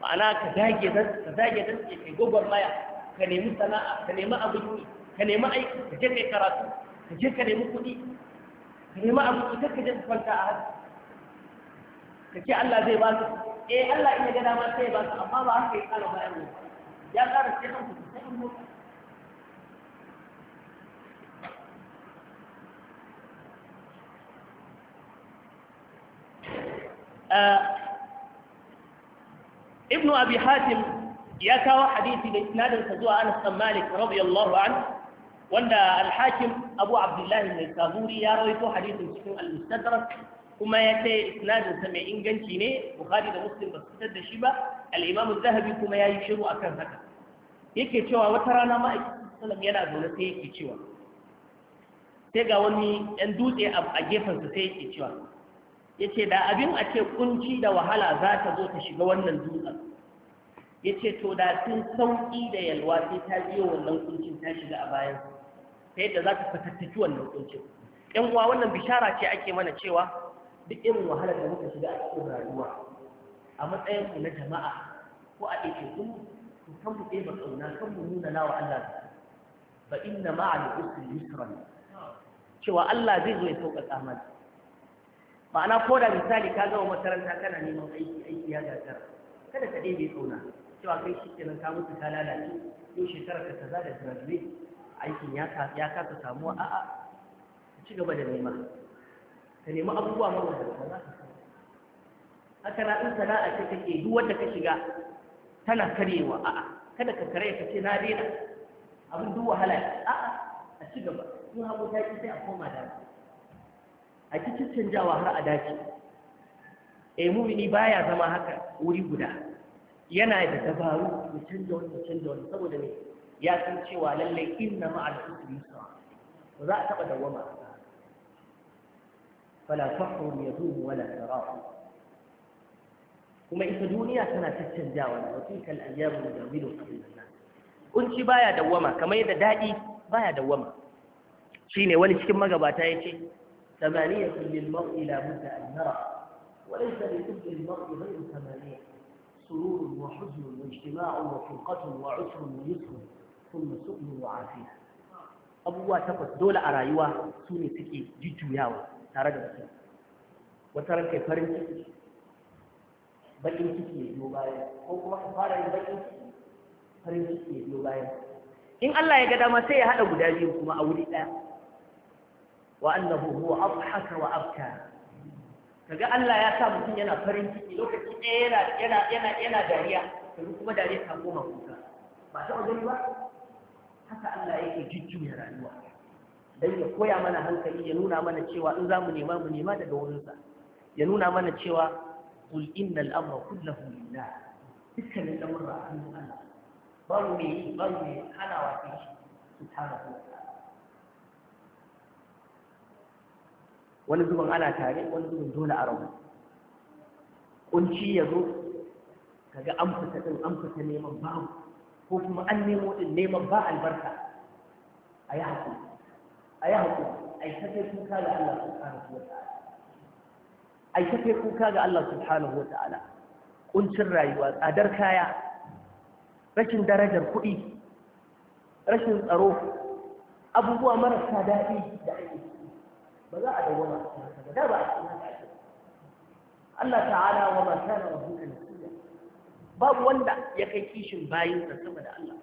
ma'ana ka dage ka dage dan ke gogor maya ka nemi sana'a ka nemi abin yi ka nemi aiki ka je kai karatu ka je ka nemi kuɗi ka nemi abu ka je ka kwanta a hannu ka ce Allah zai ba su eh Allah in ya ga dama sai ba su amma ba haka ya ƙara bayan mu ya ƙara sai an ku sai an mota ابن أبي حاتم يا كاوى حديثي بإسناد فزوى أنس بن مالك رضي الله عنه wanda alhakim abu abdullahi mai kazuri ya rawaito hadisin cikin al-mustadrak kuma ya ce isnadin sa mai inganci ne bukhari da muslim ba su fitar da shi ba al-imam az-zahabi kuma ya yi shiru akan haka yake cewa wata rana ma'aikin sallam yana zaune sai yake cewa sai ga wani yan dutse a gefen sa sai yake cewa yace da abin a ce kunci da wahala za ta zo ta shiga wannan dutsen ya ce to da sun sauƙi da yalwa sai ta biyo wannan kuncin ta shiga a bayan ta yadda za ta fatattaki wannan kuncin yan uwa wannan bishara ce ake mana cewa duk irin wahalar da muka shiga a cikin rayuwa a matsayin ku na jama'a ko a ɗauke kun ku kan mu ɗeba ƙauna kan mu nuna nawa Allah fa inna ma'al yusra ne cewa Allah zai zo ya sauƙaƙa mana ma'ana ko da misali ka gama makaranta kana neman aiki aiki ya gasar kada ka ɗebe ƙauna cewa kai shi kenan ka mutu ka lalace yau shekarar ka kaza da graduate aikin ya kasa samuwa a'a ci gaba da nema ka nemi abubuwa mabambanta za ka haka na in sana'a ce kake duk wanda ka shiga tana karewa a'a kada ka kare ka ce na daina abin duk wahala a'a a ci gaba in hago ta ki sai a koma da a ci wa har a dace eh ni baya zama haka wuri guda yana da dabaru da canja wani ya canja wani saboda ne. ya san cewa lallai inna ma'al usri yusra ba za a taba dawama fala fahrun yadum wala sarah kuma ita duniya tana tattanjawa wa tilkal ayyamu nudawilu bayna kunci baya dawama kamar yadda dadi baya dawama shine wani cikin magabata yace ثمانية للمرء لا بد أن نرى وليس لكل المرء غير ثمانية سرور وحزن واجتماع وفرقة وعسر ويسر ثم سؤل وعافيه abubuwa takwas dole a rayuwa su ne suke jujjuyawa tare da su wata ranka farin ciki baƙin ciki ya biyo baya ko kuma ka fara yin baƙin ciki farin ciki ya biyo baya in Allah ya ga dama sai ya haɗa guda biyu kuma a wuri ɗaya wa annahu huwa adhaka wa abka kaga Allah ya sa mutum yana farin ciki lokaci ɗaya yana yana yana kuma dariya ta koma kuka ba ta wajen ba haka Allah yake jujjuya rayuwa dan ya koya mana hankali ya nuna mana cewa in zamu nema mu nema daga wurinsa ya nuna mana cewa qul innal amra kulluhu lillah dukkanin lamurra a hannun Allah babu me yi babu me hana wa ke shi subhanahu wani zuban ana tare wani zuban dole a rabu kunci ya zo kaga an fita din an fita neman babu ko kuma an nemo din neman ba albarka a yi haƙuri a yi haƙuri a yi ta kuka ga Allah subhanahu wa ta'ala a yi ta kuka ga Allah subhanahu wa ta'ala kuncin rayuwa tsadar kaya rashin darajar kuɗi rashin tsaro abubuwa marasa daɗi da ake ba za a dawoma a cikin haka ba da ba a cikin haka Allah ta'ala wa ma kana ne. babu wanda ya kai kishin da sama da Allah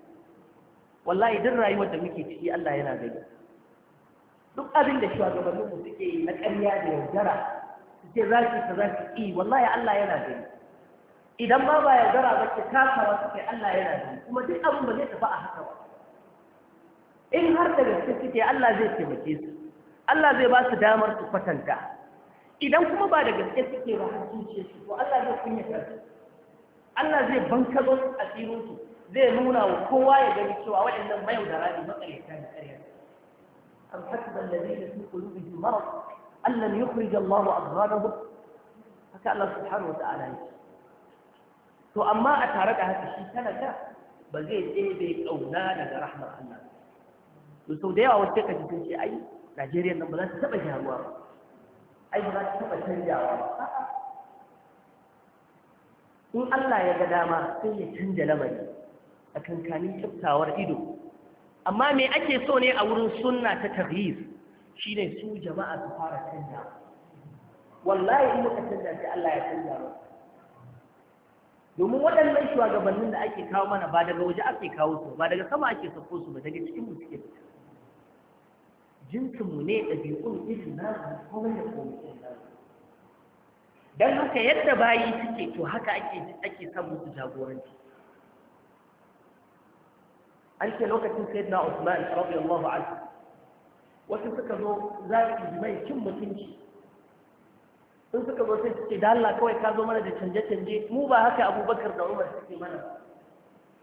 wallahi duk rayuwar da muke ciki Allah yana gani duk abin da shugabannin mu suke yi na ƙarya da yaudara suke za ki ka za ki yi wallahi Allah yana gani idan ba ba yaudara ba ki kasawa suke Allah yana gani kuma duk abin ba zai tafi a haka ba in har da gaske suke Allah zai taimake su Allah zai ba su damar su kwatanta idan kuma ba da gaske suke ba har ce su ko Allah zai kunyata su Allah zai banka bankado asirinsu zai nuna wa kowa ya gani cewa waɗannan mayaudara ne maƙaryata da ƙarya am hasiba alladhina fi da su an lam yukhrij Allah ya adghanahum haka Allah subhanahu wa ta'ala yake to amma a tare da haka shi tana ta ba zai je bai ƙauna daga rahmar Allah to sau da yawa wasu ka ji sun ce ai Najeriya nan ba za ta taɓa gyaruwa ba ai ba za ta taɓa canjawa ba in Allah ya ga dama sai ya canja lamari a kankanin kyautawar ido amma me ake so ne a wurin sunna ta shi ne su jama'a su fara canja wallahi in muka canja sai Allah ya canja mu domin waɗannan shugabannin da ake kawo mana ba daga waje ake kawo su ba daga sama ake sako su ba daga cikin mu suke fita ne ɗabi'un irin nasu komai da komai don haka yadda bayi suke to haka ake samun musu jagoranci an ce lokacin sai na usman radiyallahu anhu wasu suka zo za su yi mai cin mutunci sun suka zo sai suke da Allah kawai ka zo mana da canje-canje mu ba haka abubakar da umar suke mana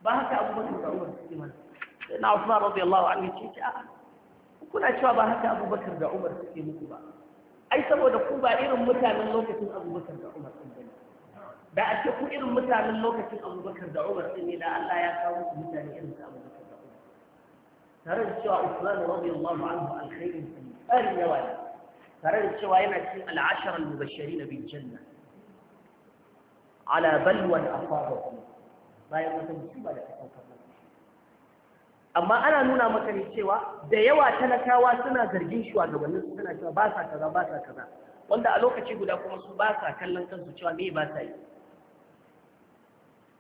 ba haka abubakar da umar suke mana sai na usman radiyallahu anhu ce ce a'a kuna cewa ba haka abubakar da umar suke muku ba ai saboda ku ba irin mutanen lokacin abubakar da umar ɗin bane da a ce ku irin mutanen lokacin abubakar da umar ɗin ne da allah ya kawo su mutane irin su abubakar da umar tare da cewa usman radiyallahu anhu alkhairin sa ne tsarin yawa ne tare da cewa yana cikin al'ashar al-mubashirin bil janna ala balwan asabahu bayan wata musiba da ta sauka amma ana nuna maka ne cewa da yawa talakawa suna zargin shugabannin su suna cewa ba sa kaza ba sa kaza wanda a lokaci guda kuma su ba sa kallon kansu cewa me ba sa yi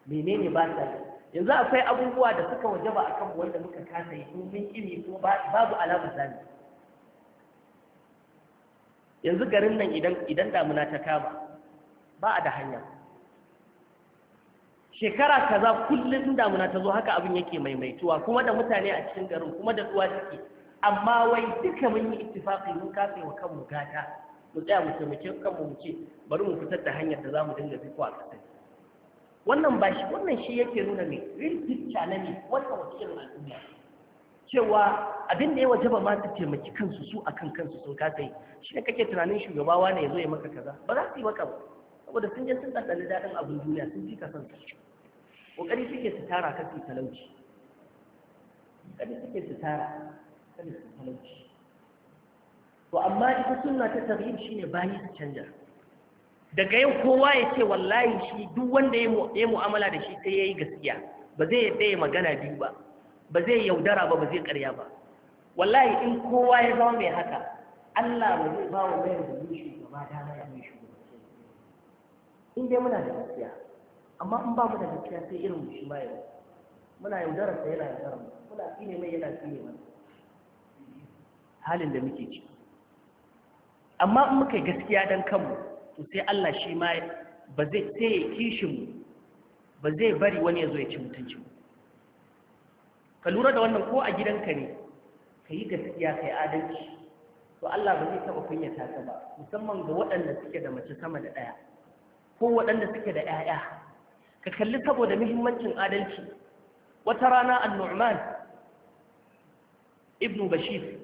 menene ba sa yi yanzu akwai abubuwa da suka wajaba a kan wanda muka kasa yi kuma mun kimi kuma babu alamar zami yanzu garin nan idan idan damuna ta kama ba a da hanya shekara kaza kullum damuna ta zo haka abin yake maimaituwa kuma da mutane a cikin garin kuma da tsuwa suke amma wai duka mun yi ittifaqi mun kafe wa kanmu gata mu tsaya mu taimake kanmu mu ce bari mu fitar da hanyar da zamu dinga bi kwa kasai wannan ba shi wannan shi yake nuna ne real picture na ne wata wata irin al'umma cewa abin da ya wajaba ma su taimaki kansu su akan kansu sun kasa yi shi ne kake tunanin shugabawa ne ya zo ya maka kaza ba za su yi maka ba saboda sun je sun ɗanɗani daɗin abin duniya sun fi ka su kokari suke su tara su talauci suke su tara su talauci to amma ita sunna ta shi shine bayan su canja daga yau kowa ya ce wallahi shi duk wanda ya mu'amala da shi sai yayi gaskiya ba zai yadda ya magana biyu ba ba zai yaudara ba ba zai karya ba wallahi in kowa ya zama mai haka Allah ba zai ba wa mai da shugaba dama ya mai shugaba in dai muna da gaskiya amma in ba mu da gaskiya sai irin shi ma yau muna yaudarar sai yana yau mu muna ne mai yana ne mana halin da muke ci amma in muka gaskiya don kanmu to sai Allah shi ma ba zai sai ya kishin mu ba zai bari wani ya zo ya ci mutuncin mu ka lura da wannan ko a gidanka ne ka yi gaskiya ka yi adalci to Allah ba zai taɓa kunyata ka ba musamman ga waɗanda suke da mace sama da ɗaya ko waɗanda suke da 'ya'ya ka kalli saboda muhimmancin adalci wata rana annu'man Ibn bashir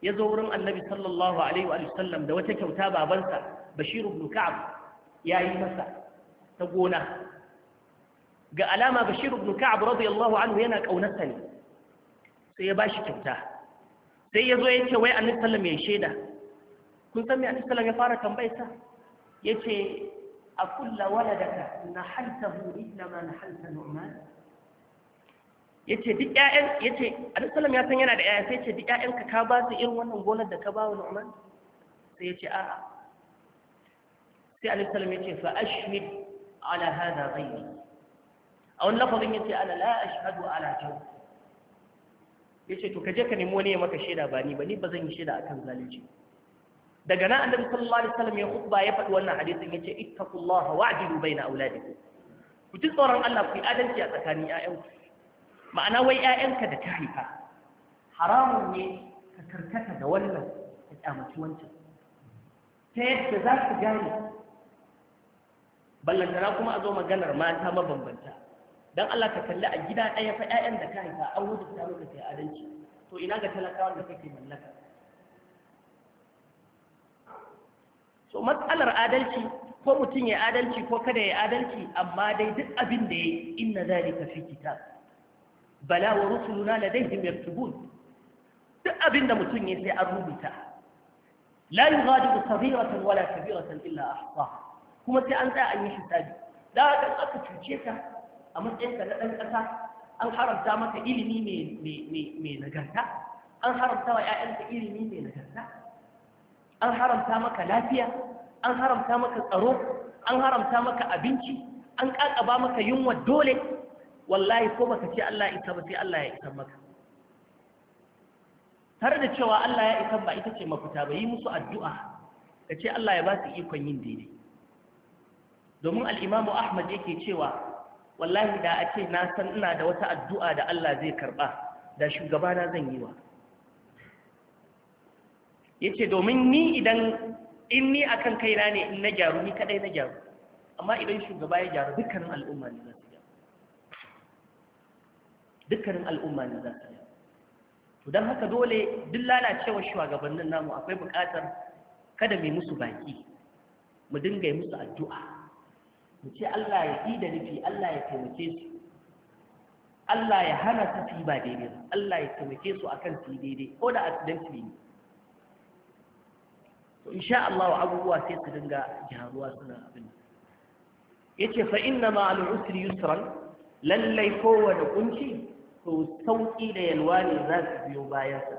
ya zo wurin annabi sallallahu alaihi wa sallam da wata kyauta babansa bashir ibn ka'ab ya yi masa ta gona ga alama bashir ibn ka'ab radiyallahu anhu yana kaunarsa ne sai ya bashi kyauta sai ya zo ya ce wai annabi sallam ya shaida kun san me annabi sallam ya fara tambayarsa ya ce أكل ولدك نحلته إلا ما نحلت نعمان yace duk ƴaƴan yace Abdulsalam ya san yana da ƴaƴa sai yace duk ƴaƴanka ka ba su irin wannan gonar da ka ba wa Nu'man sai yace a'a sai Abdulsalam yace fa ashhid ala hadha ghayri a wannan lafazin yace ala la ashhadu ala jaw yace to kaje ka nemi wani ya maka shaida ba ni ba ni ba zan yi shaida akan zalunci ba daga nan annabi sallallahu alaihi wasallam ya khutba ya faɗi wannan hadisin yace ittaqullaha wa'dilu baina auladikum ku ji tsoron Allah ku yi adalci a tsakanin ƴaƴanku ma'ana wai ƴaƴanka da ka haifa haramun ne ka karkata da wannan ka kyamaci wancan ta yadda za su gane ballantana kuma a zo maganar mata mabambanta dan Allah ka kalli a gida ɗaya fa ƴaƴan da ka haifa an wuce ta maka kai adalci to ina ga talakawa da kake mallaka so matsalar adalci ko mutum ya adalci ko kada ya adalci amma dai duk abin da ya yi inna zalika fi kitab bala wa rusuluna ladaihim yaktubun duk abin da mutum ya sai an rubuta la yughadiru saghiratan wala kabiratan illa ahsa kuma sai an tsaya an yi hisabi da haka aka cuce ka a matsayinka na ɗan ƙasa an haramta maka ilimi mai nagarta an haramta wa 'ya'yanka ilimi mai nagarta an haramta maka lafiya an haramta maka tsaro an haramta maka abinci an ƙaƙaba maka yunwa dole wallahi ko baka ce Allah ya isa ba sai Allah ya isa maka tare da cewa Allah ya isa ba ita ce mafita ba yi musu addu'a ka ce Allah ya ba su ikon yin daidai domin al'imamu Ahmad yake cewa wallahi da a ce na san ina da wata addu'a da Allah zai karɓa da shugabana zan yi wa yace domin ni idan in ni akan kaina ne in na gyaru ni kadai na gyaru amma idan shugaba ya gyaru dukkanin al'umma ne za su gyaru dukkanin al'umma ne za su gyaru to don haka dole duk lalacewa shugabannin namu akwai buƙatar kada mai musu baki mu dinga yi musu addu'a mu ce Allah ya yi da nufi Allah ya taimake su Allah ya hana su fi yi ba daidai Allah ya taimake su akan su yi daidai ko da accident ne In sha Allah wa abubuwa sai su dinga gyaruwa suna abin Ya ce fa inna ma al usri yusran lallai kowane kunci to sauƙi da yalwa ne za su biyo bayansa."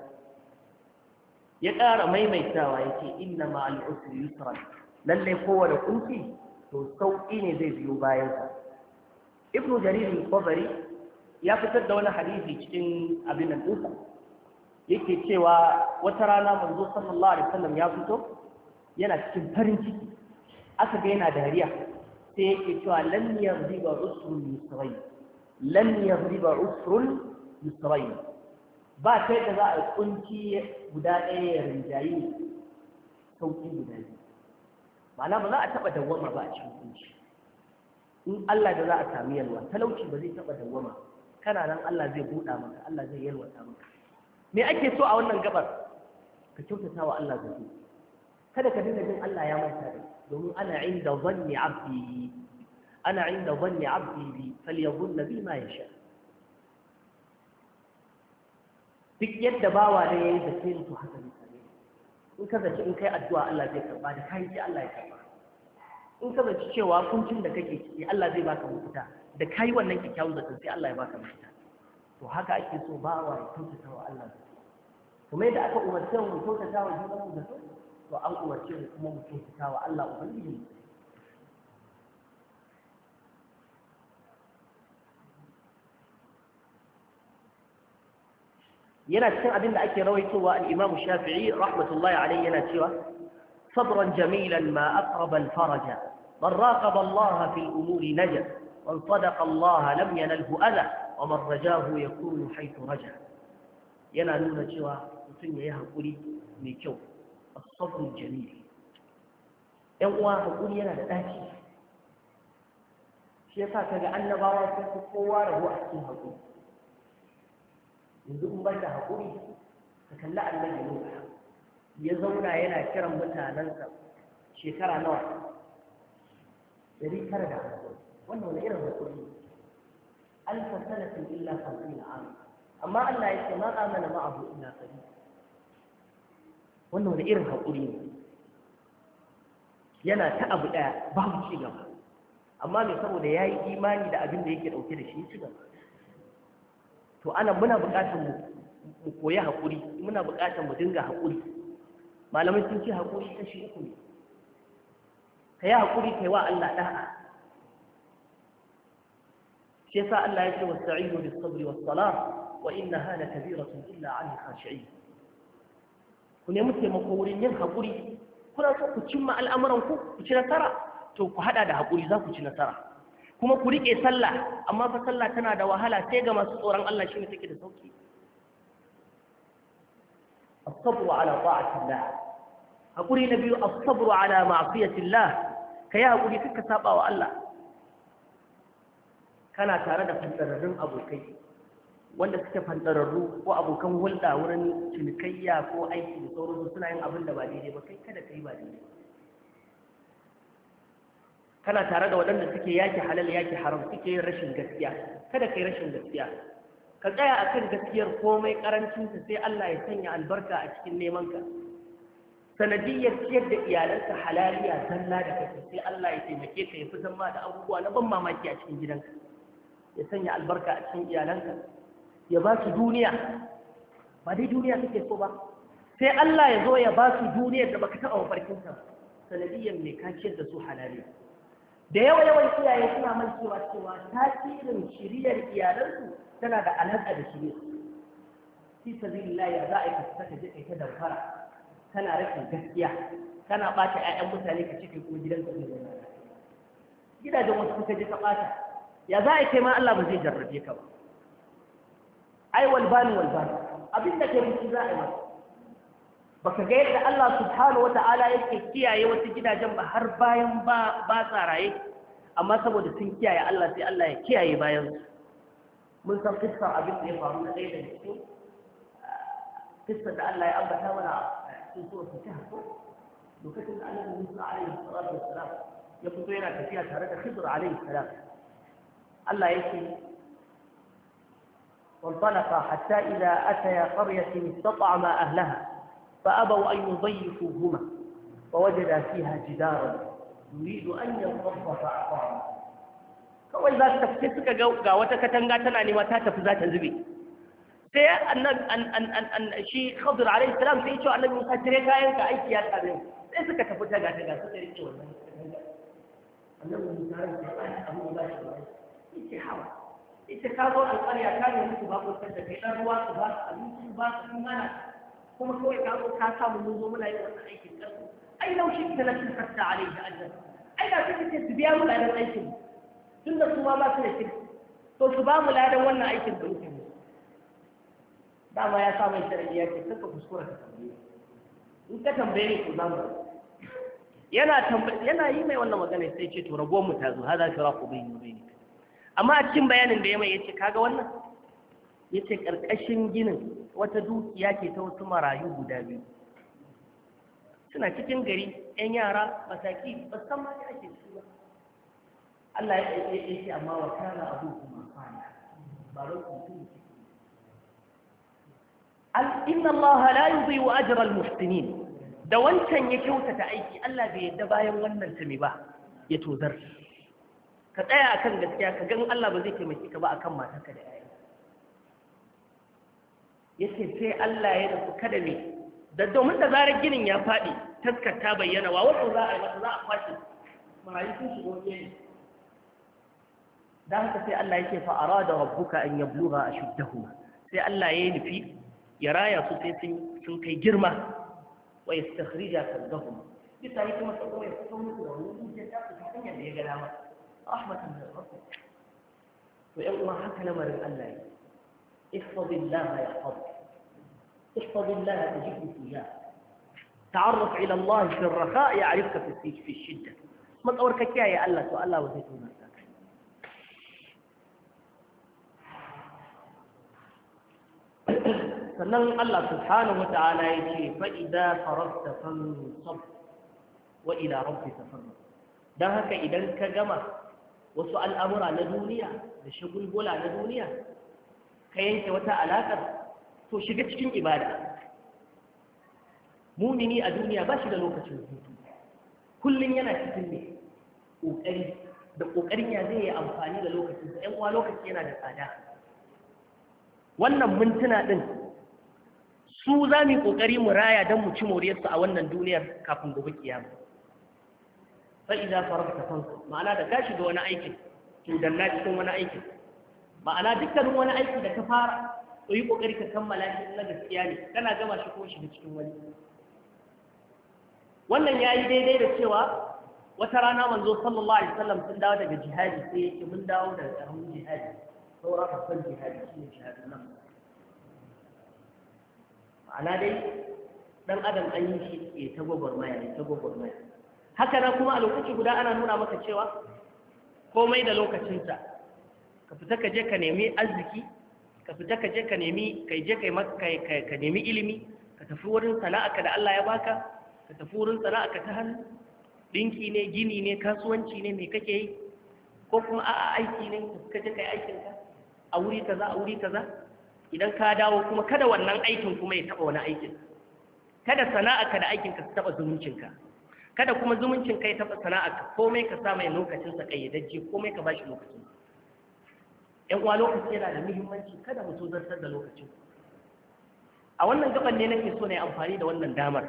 ya ƙara maimaitawa yace inna ma al usri yusran lallai kowane kunci to sauƙi ne zai biyo bayansa." sa ibnu jarir al ya fitar da wani hadisi cikin abin nan dinsa yake cewa wata rana manzo sallallahu alaihi wasallam ya fito yana cikin farin ciki aka ga yana dariya sai yake cewa lan yadriba usrun yusrayn lan yadriba usrun yusrayn ba sai da za a kunci guda ɗaya ya rinjayi sauki guda biyu ma'ana ba za a taɓa dawwama ba a cikin kunci in Allah da za a sami yalwa talauci ba zai taɓa dawwama kana nan Allah zai buɗa maka Allah zai yalwata maka me ake so a wannan gabar ka kyautata wa Allah zato kada ka dinga jin Allah ya manta da domin ana inda zanni abdi ana inda zanni abdi bi falyadhun bi ma yasha duk yadda bawa ne yayi da sai to haka ne in ka zaci in kai addu'a Allah zai karba da kai ki Allah ya karba in ka zaci cewa kuncin da kake ciki Allah zai baka mafita da kai wannan kikkiawan zaton sai Allah ya baka mafita to haka ake so bawa ya kyautata wa Allah kuma yadda aka umarce mu kyautata wa junanmu da so to an umarce mu kuma mutum fita wa Allah ubangiji yana cikin abin da ake rawaitowa al-Imam Shafi'i rahmatullahi alayhi yana cewa sabran jamilan ma aqraba al-faraja man raqaba Allah fi umuri naja man sadaqa Allah lam yanalhu adha wa man rajahu yakunu haythu raja yana nuna cewa mutum yayi hakuri mai kyau as-sabr jamil yan uwa hakuri yana da daci shi yasa ga annabawa sun fi kowa rabo a cikin hakuri yanzu in banda hakuri ka kalli annabi Nuh ya zauna yana kiran mutanensa shekara nawa dari tara da wannan wani irin hakuri alfa sanatin illa khamsina am amma Allah ya ce ma amana ma'ahu illa wannan wani irin haƙuri ne yana ta abu ɗaya babu ci gaba amma mai saboda ya yi imani da abin da yake ɗauke da shi ci gaba to ana muna buƙatar mu koya haƙuri muna buƙatar mu dinga haƙuri malamai sun ce haƙuri kashi uku ne ka yi haƙuri kai wa Allah ɗa'a shi yasa Allah ya ce wasu wasta'inu bis sabri was salah wa innaha lakabiratun illa 'ala khashi'in ku nemi taimako wurin yin haƙuri kuna so ku cimma al'amuran ku ku ci nasara to ku haɗa da hakuri za ku ci nasara kuma ku riƙe sallah amma fa sallah tana da wahala sai ga masu tsoron Allah shine take da sauki as-sabru ala ta'atillah haƙuri na biyu as-sabru ala Allah kai haƙuri kika saba wa Allah kana tare da fadararrun abokai wanda suke fantararru ko abokan hulɗa wurin cinikayya ko aiki da sauransu suna yin abin da ba daidai ba kai kada ka ba daidai kana tare da waɗanda suke yaki halal yaki haram suke yin rashin gaskiya kada kai rashin gaskiya ka tsaya a kan gaskiyar komai karancinsa sai Allah ya sanya albarka a cikin nemanka sanadiyyar ciyar da iyalansa halaliya zalla da kake sai Allah ya taimake ka ya fi zama da abubuwa na ban mamaki a cikin gidanka ya sanya albarka a cikin iyalanka ya ba su duniya ba dai duniya suke so ba sai Allah ya zo ya ba su duniyar da baka taɓa mafarkin ka sanadiyyar mai kaciyar da su halali da yawa yawan iyaye suna mancewa cewa tasirin shiriyar iyalansu tana da alaƙa da shiriyar fi sabilillah ya za a yi ka saka je ta damfara tana rashin gaskiya tana ɓata 'ya'yan mutane ka cike kuma gidanka ne gidajen wasu kuka ji ta ɓata ya za a kai ma Allah ba zai jarrabe ka ba ai walbani walbani abin da ke mutu za a yi masa baka ga yadda Allah subhanahu wata'ala yake kiyaye wasu gidajen ba har bayan ba sa raye amma saboda sun kiyaye Allah sai Allah ya kiyaye bayan su mun san fiskar abin da ya faru na ɗaya da cikin ah, fiskar da Allah ya ambata mana sun so su ta ko lokacin da Allah ya Annabi Musa alaihi salatu wassalam ya fito yana tafiya tare da Khidir alaihi salam Allah ya yake وانطلق حتى إذا أتيا قرية استطعما أهلها فأبوا أن يضيفوهما ووجدا فيها جدارا يريد أن ينقض فأقام kawai za su tafi suka ga wata katanga tana nema ta tafi za ta zube sai annabi shi khadir alaihi salam sai ce annabi Musa tare kayan ka aiki ya tsare sai suka tafi ta gata ga suka rike wannan annabi Musa ya ce ai abu ba shi ba hawa ita ka zo alƙarya ka ne su ba kusa da kai ɗan ruwa su ba su abinci ba su kuma mana kuma kawai ka zo ka samu mun zo muna yi wannan aikin ƙarfi ai laushi, ta lafi fasta a laifin allah ai da su ce su biya mu ladan aikin tun da su ma ba su da kirki to su ba mu ladan wannan aikin da muke dama ya samu mai sharadi ya ce suka kuskura ta tambaye in ka tambaye ni ku zamu yana tambaye yana yi mai wannan magana sai ce to ragon mu ta zo hada shi bayni wa yi. amma a cikin bayanin da ya mai yace kaga wannan yace karkashin ginin wata dukiya ke ta wasu marayu guda biyu suna cikin gari yan yara masaki ba san ma ya ake su ba Allah ya ce ya eh, eh, amma wa kana abu kuma fana ba rukutu inna Allah la yudhi'u ajra al-muhsinin da wancan ya kyautata aiki Allah bai yadda bayan wannan tumi ba ya tozar ka tsaya akan gaskiya ka gan Allah ba zai taimaki ka ba akan matarka da yayi ce sai Allah ya nufi kada ne da domin da zarar ginin ya faɗi taskar ta bayyana wa wasu za a yi masa za a kwashe marayu sun shigo ne da haka sai Allah yake fa arada rabbuka an yabluga ashuddahu sai Allah ya nufi ya raya su sai sun sun kai girma wa yastakhrija kadahum bisa yake masa kuma ya fito musu da wani zuciya ta su hanyar da ya ga dama ويقول الله حتى لما رزقنا احفظ الله يحفظك احفظ الله تجد اتجاهك تعرف الى الله في الرخاء يعرفك في في الشده ما تقول كيا يا الله سؤال الله وزيتون فنن الله سبحانه وتعالى يجي فإذا فرغت فانصب وإلى ربك فانصب ده هكا إذا كجمع wasu al'amura na duniya da shagulgula na duniya ka yanke wata alaƙar to shiga cikin ibada mumini a duniya ba shi da lokacin hutu kullum yana cikin ne ƙoƙari da ƙoƙarin ya zai yi amfani da lokacin da ‘yan uwa lokaci yana da tsada wannan mintuna ɗin su za mu yi ƙoƙari mu raya don mu ci moriyarsu a wannan duniyar kafin gobe kiyama fa idza ta fansu ma'ana da ka shiga wani aiki to dalla cikin wani aiki ma'ana dukkanin wani aiki da ka fara to yi kokari ka kammala shi na gaskiya ne kana gama shi ko da cikin wani wannan yayi daidai da cewa wata rana manzo sallallahu alaihi wasallam sun dawo daga jihadi sai yake mun dawo daga tsaron jihadi saura ka san jihadi shine jihadin nan ma'ana dai dan adam an yi shi ya ta gwagwarmaya ya ta gwagwarmaya haka nan kuma a lokaci guda ana nuna maka cewa komai da lokacinsa ka fita ka je ka nemi arziki ka fita ka je ka nemi kai je kai kai ka nemi ilimi ka tafi wurin sana'a da Allah ya baka ka tafi wurin sana'a ta hannu dinki ne gini ne kasuwanci ne me kake yi ko kuma a'a aiki ne ka je kai aikin ka a wuri kaza a wuri kaza idan ka dawo kuma kada wannan aikin kuma ya taba wani aikin kada ka da aikin ka su taba zumuncinka kada kuma zumuncin kai ta sana'a komai ka sa mai lokacin sa kayyadajje komai ka bashi lokacin yan uwa lokaci yana da muhimmanci kada mu so zartar da lokacin a wannan gaban ne nake so na amfani da wannan damar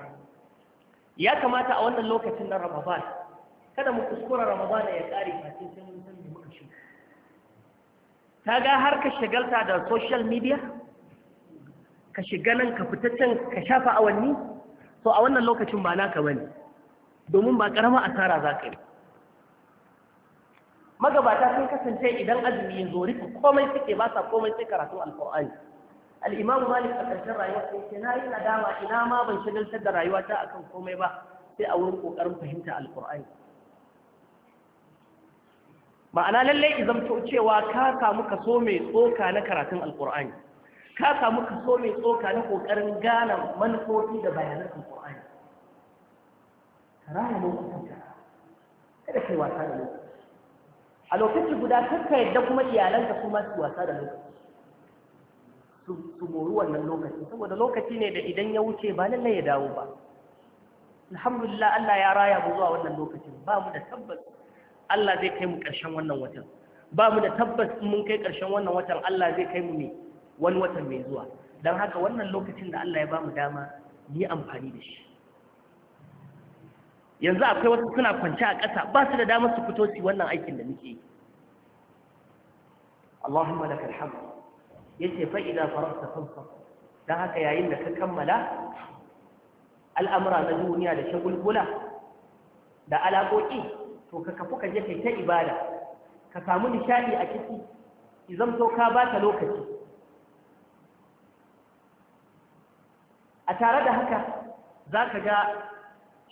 ya kamata a wannan lokacin na Ramadan kada mu kuskura Ramadan ya kare kafin sai mun san me muka shi ta ga har ka shagalta da social media ka shiga nan ka fita can ka shafa awanni to a wannan lokacin ba naka bane domin ba ƙarama asara za ka yi magabata sun kasance idan azumi ya zo ku komai suke ba sa komai sai karatun alƙur'ani al'imamu malik a ƙarshen rayuwa sai ke na yi nadama ina ma ban shagaltar da rayuwata akan komai ba sai a wurin ƙoƙarin fahimta alƙur'ani ma'ana lallai to cewa ka samu kaso mai tsoka na karatun alƙur'ani ka samu kaso mai tsoka na ƙoƙarin gane manufofi da bayanan alƙur'ani raya lokacin ta, kada kai wasa da lokaci a lokacin guda kakka yadda kuma iyalanka su masu wasa da lokaci su mori wannan lokaci saboda lokaci ne da idan ya wuce ba lallai ya dawo ba alhamdulillah Allah ya raya mu zuwa wannan lokacin ba mu da tabbas Allah zai kai mu ƙarshen wannan watan ba mu da tabbas mun kai ƙarshen wannan watan Allah zai kai mu ne wani watan mai zuwa don haka wannan lokacin da Allah ya ba mu dama ni amfani da shi yanzu akwai wasu suna kwance a ƙasa ba su da damar su fito su wannan aikin da muke yi Allahumma lakal hamd yace fa idza faragta fansab dan haka yayin da ka kammala al'amura na duniya da shagulgula da alaƙoƙi to ka kafu ka je kai ta ibada ka samu nishadi a ciki idan to ka ba ta lokaci a tare da haka za ka ga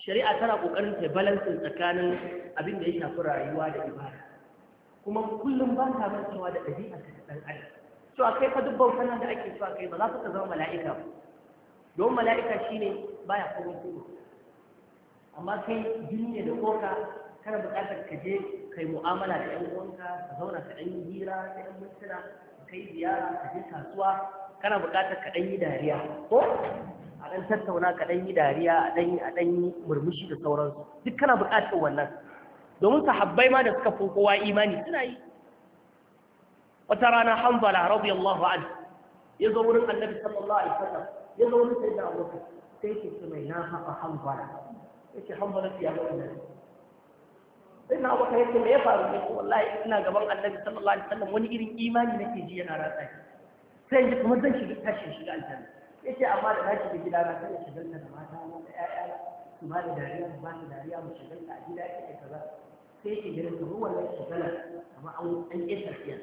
shari'a tana kokarin ta balansin tsakanin abin da ya shafi rayuwa da ibada kuma kullum ba ta mantawa da ɗabi'a ta ɗan adam cewa kai fa duk bautan da ake cewa kai ba za ka zama mala'ika ba don mala'ika shine baya komai kuma amma kai jinne da koka kana buƙatar ka je kai mu'amala da ƴan uwanka ka zauna ka ɗan yi hira da ƴan mintuna ka kai ziyara ka je kasuwa kana buƙatar ka ɗan yi dariya ko ɗan tattauna ka ɗan yi dariya a ɗan yi murmushi da sauransu duk kana buƙatar wannan domin sahabbai ma da suka fi kowa imani suna yi wata rana hanbala radiyallahu anhu ya zo wurin annabi sallallahu alaihi wasallam ya zo wurin sayyidina abubakar sai ke ce mai na haɓa hanbala yake hanbala ya ga wannan sayyidina abubakar yake me ya faru ne ko wallahi ina gaban annabi sallallahu alaihi wasallam wani irin imani nake ji yana ratsa sai ya kuma zan shiga tashin shiga aljanna yake amma da na da gida na sai shigalta da mata na da ƴaƴa su ba da dariya su ba da dariya mu shigalta a gida ake kaza sai yake ganin kamar wannan shigala amma an an ƙesa siya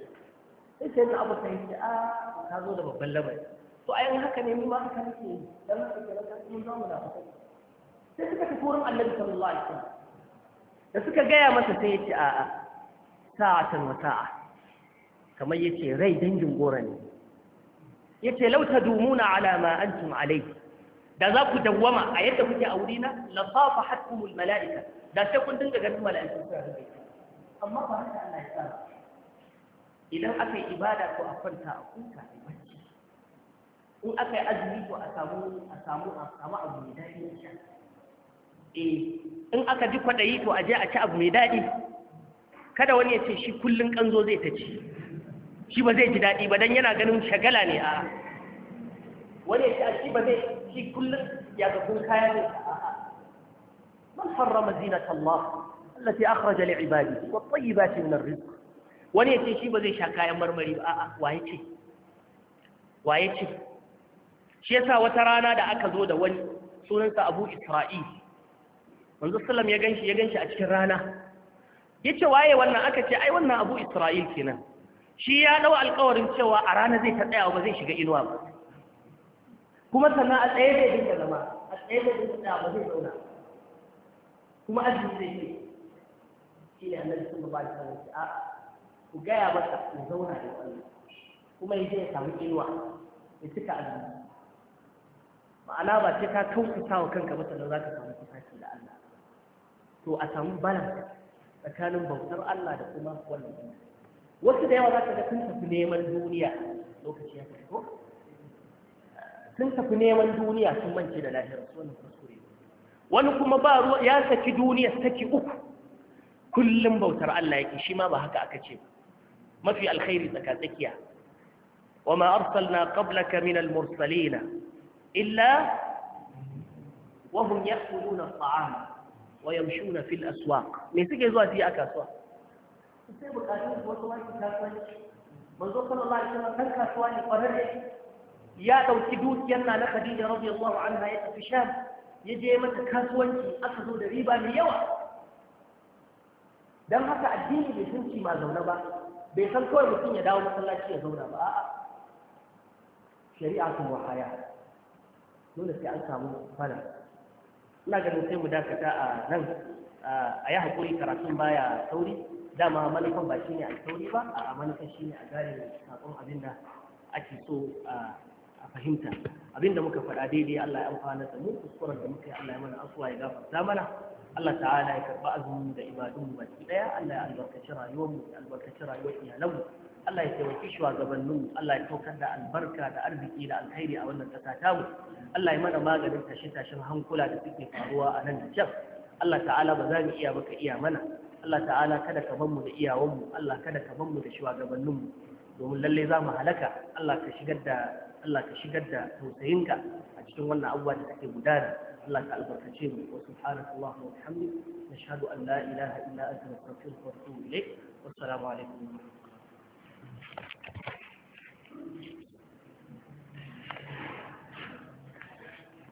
sai sai na abu sai yace a ah, ka zo da babban labari to ayan haka ne mu ma haka nake yi dan haka ke rasa mun mu da fita sai suka tafi wurin Annabi sallallahu alaihi wasallam da suka gaya masa sai yace a a sa'atan wa sa'a kamar yace rai dangin gora ne yace law tadumuna alama ma antum Alai. da za ku dawwama a yadda kuke a wuri wurina la safahatkumul malaika da sai kun dinga ganin mala'iku amma ba haka ana ya idan aka yi ibada ko a kwanta a kuka a bacci in aka yi azumi ko a samu a samu a samu abu mai daɗi ya sha eh in aka ji kwaɗayi to a je a ci abu mai daɗi kada wani ya ce shi kullum ƙanzo zai ta ci shi ba zai ji daɗi ba don yana ganin shagala ne a wani ya shi ba zai shi kullum ya ga kun kaya ne a. man harrama zinata Allah allati akhraja li ibadi wa tayyibati min rizq wani ya ce shi ba zai sha kayan marmari ba a'a waye ce waye ce shi yasa wata rana da aka zo da wani sunansa Abu Isra'il manzo sallam ya ganshi ya ganshi a cikin rana yace waye wannan aka ce ai wannan Abu Isra'il kenan shi ya dawa alƙawarin cewa a rana zai ta tsaya ba zai shiga inuwa ba kuma sannan a tsaye zai dinga zama a tsaye zai dinga tsaya ba zai zauna kuma azumi zai yi shi ne annabi sun ba da sanar a ku gaya masa ku zauna da wani kuma ya je ya samu inuwa ya cika azumi ma'ana ba sai ka kautata wa kanka ba sannan za ka samu kusaci da Allah to a samu balance tsakanin bautar Allah da kuma wannan wasu da yawa za ka ga sun tafi neman duniya lokaci ya ko sun tafi neman duniya sun mance da lahira su wannan kuskure wani kuma ba ruwa ya saki duniya saki uku kullum bautar Allah yake shi ma ba haka aka ce mafi alkhairi tsaka tsakiya wa ma arsalna qablaka min al-mursalin illa wa hum ya'kuluna at-ta'am wa yamshuna fil aswaq me suke zuwa su a kasuwa sai bukatun wasu wani kasuwanci manzo sallallahu alaihi wasallam kan kasuwa ne kwararre ya dauki dukiyar na na Khadija radiyallahu anha ya tafi Sham ya je mata kasuwanci aka zo da riba mai yawa dan haka addini bai san ma zaune ba bai san kawai mutum ya dawo masallaci ya zauna ba a'a shari'a kuma wahaya. dole sai an samu fara ina ganin sai mu dakata a nan a yi hakuri karatun baya sauri dama manufan ba shine alkawari ba a manufan ne a gane sakon abin da ake so a fahimta abin da muka faɗa daidai Allah ya amfana da mu kuskuren da muka yi Allah ya mana asuwa ya gafarta mana Allah ta'ala ya karɓi azumin da ibadun mu baki daya Allah ya albarkaci rayuwar mu ya albarkaci rayuwar iyalan mu Allah ya taimaki shugabannin mu Allah ya saukar da albarka da arziki da alkhairi a wannan ƙasa ta mu Allah ya mana maganin tashe-tashen hankula da suke faruwa a nan da can Allah ta'ala ba za mu iya baka iya mana Allah ta'ala kada ka ban mu da iyawanmu Allah kada ka ban mu da shugabanninmu domin lalle za mu halaka Allah ka shigar da Allah ka shigar da tausayinka a cikin wannan abubuwa da take gudana Allah ka albarkace mu wa subhanaka Allahumma wa bihamdika nashhadu an la ilaha illa anta nastaghfiruka wa natubu ilayk alaikum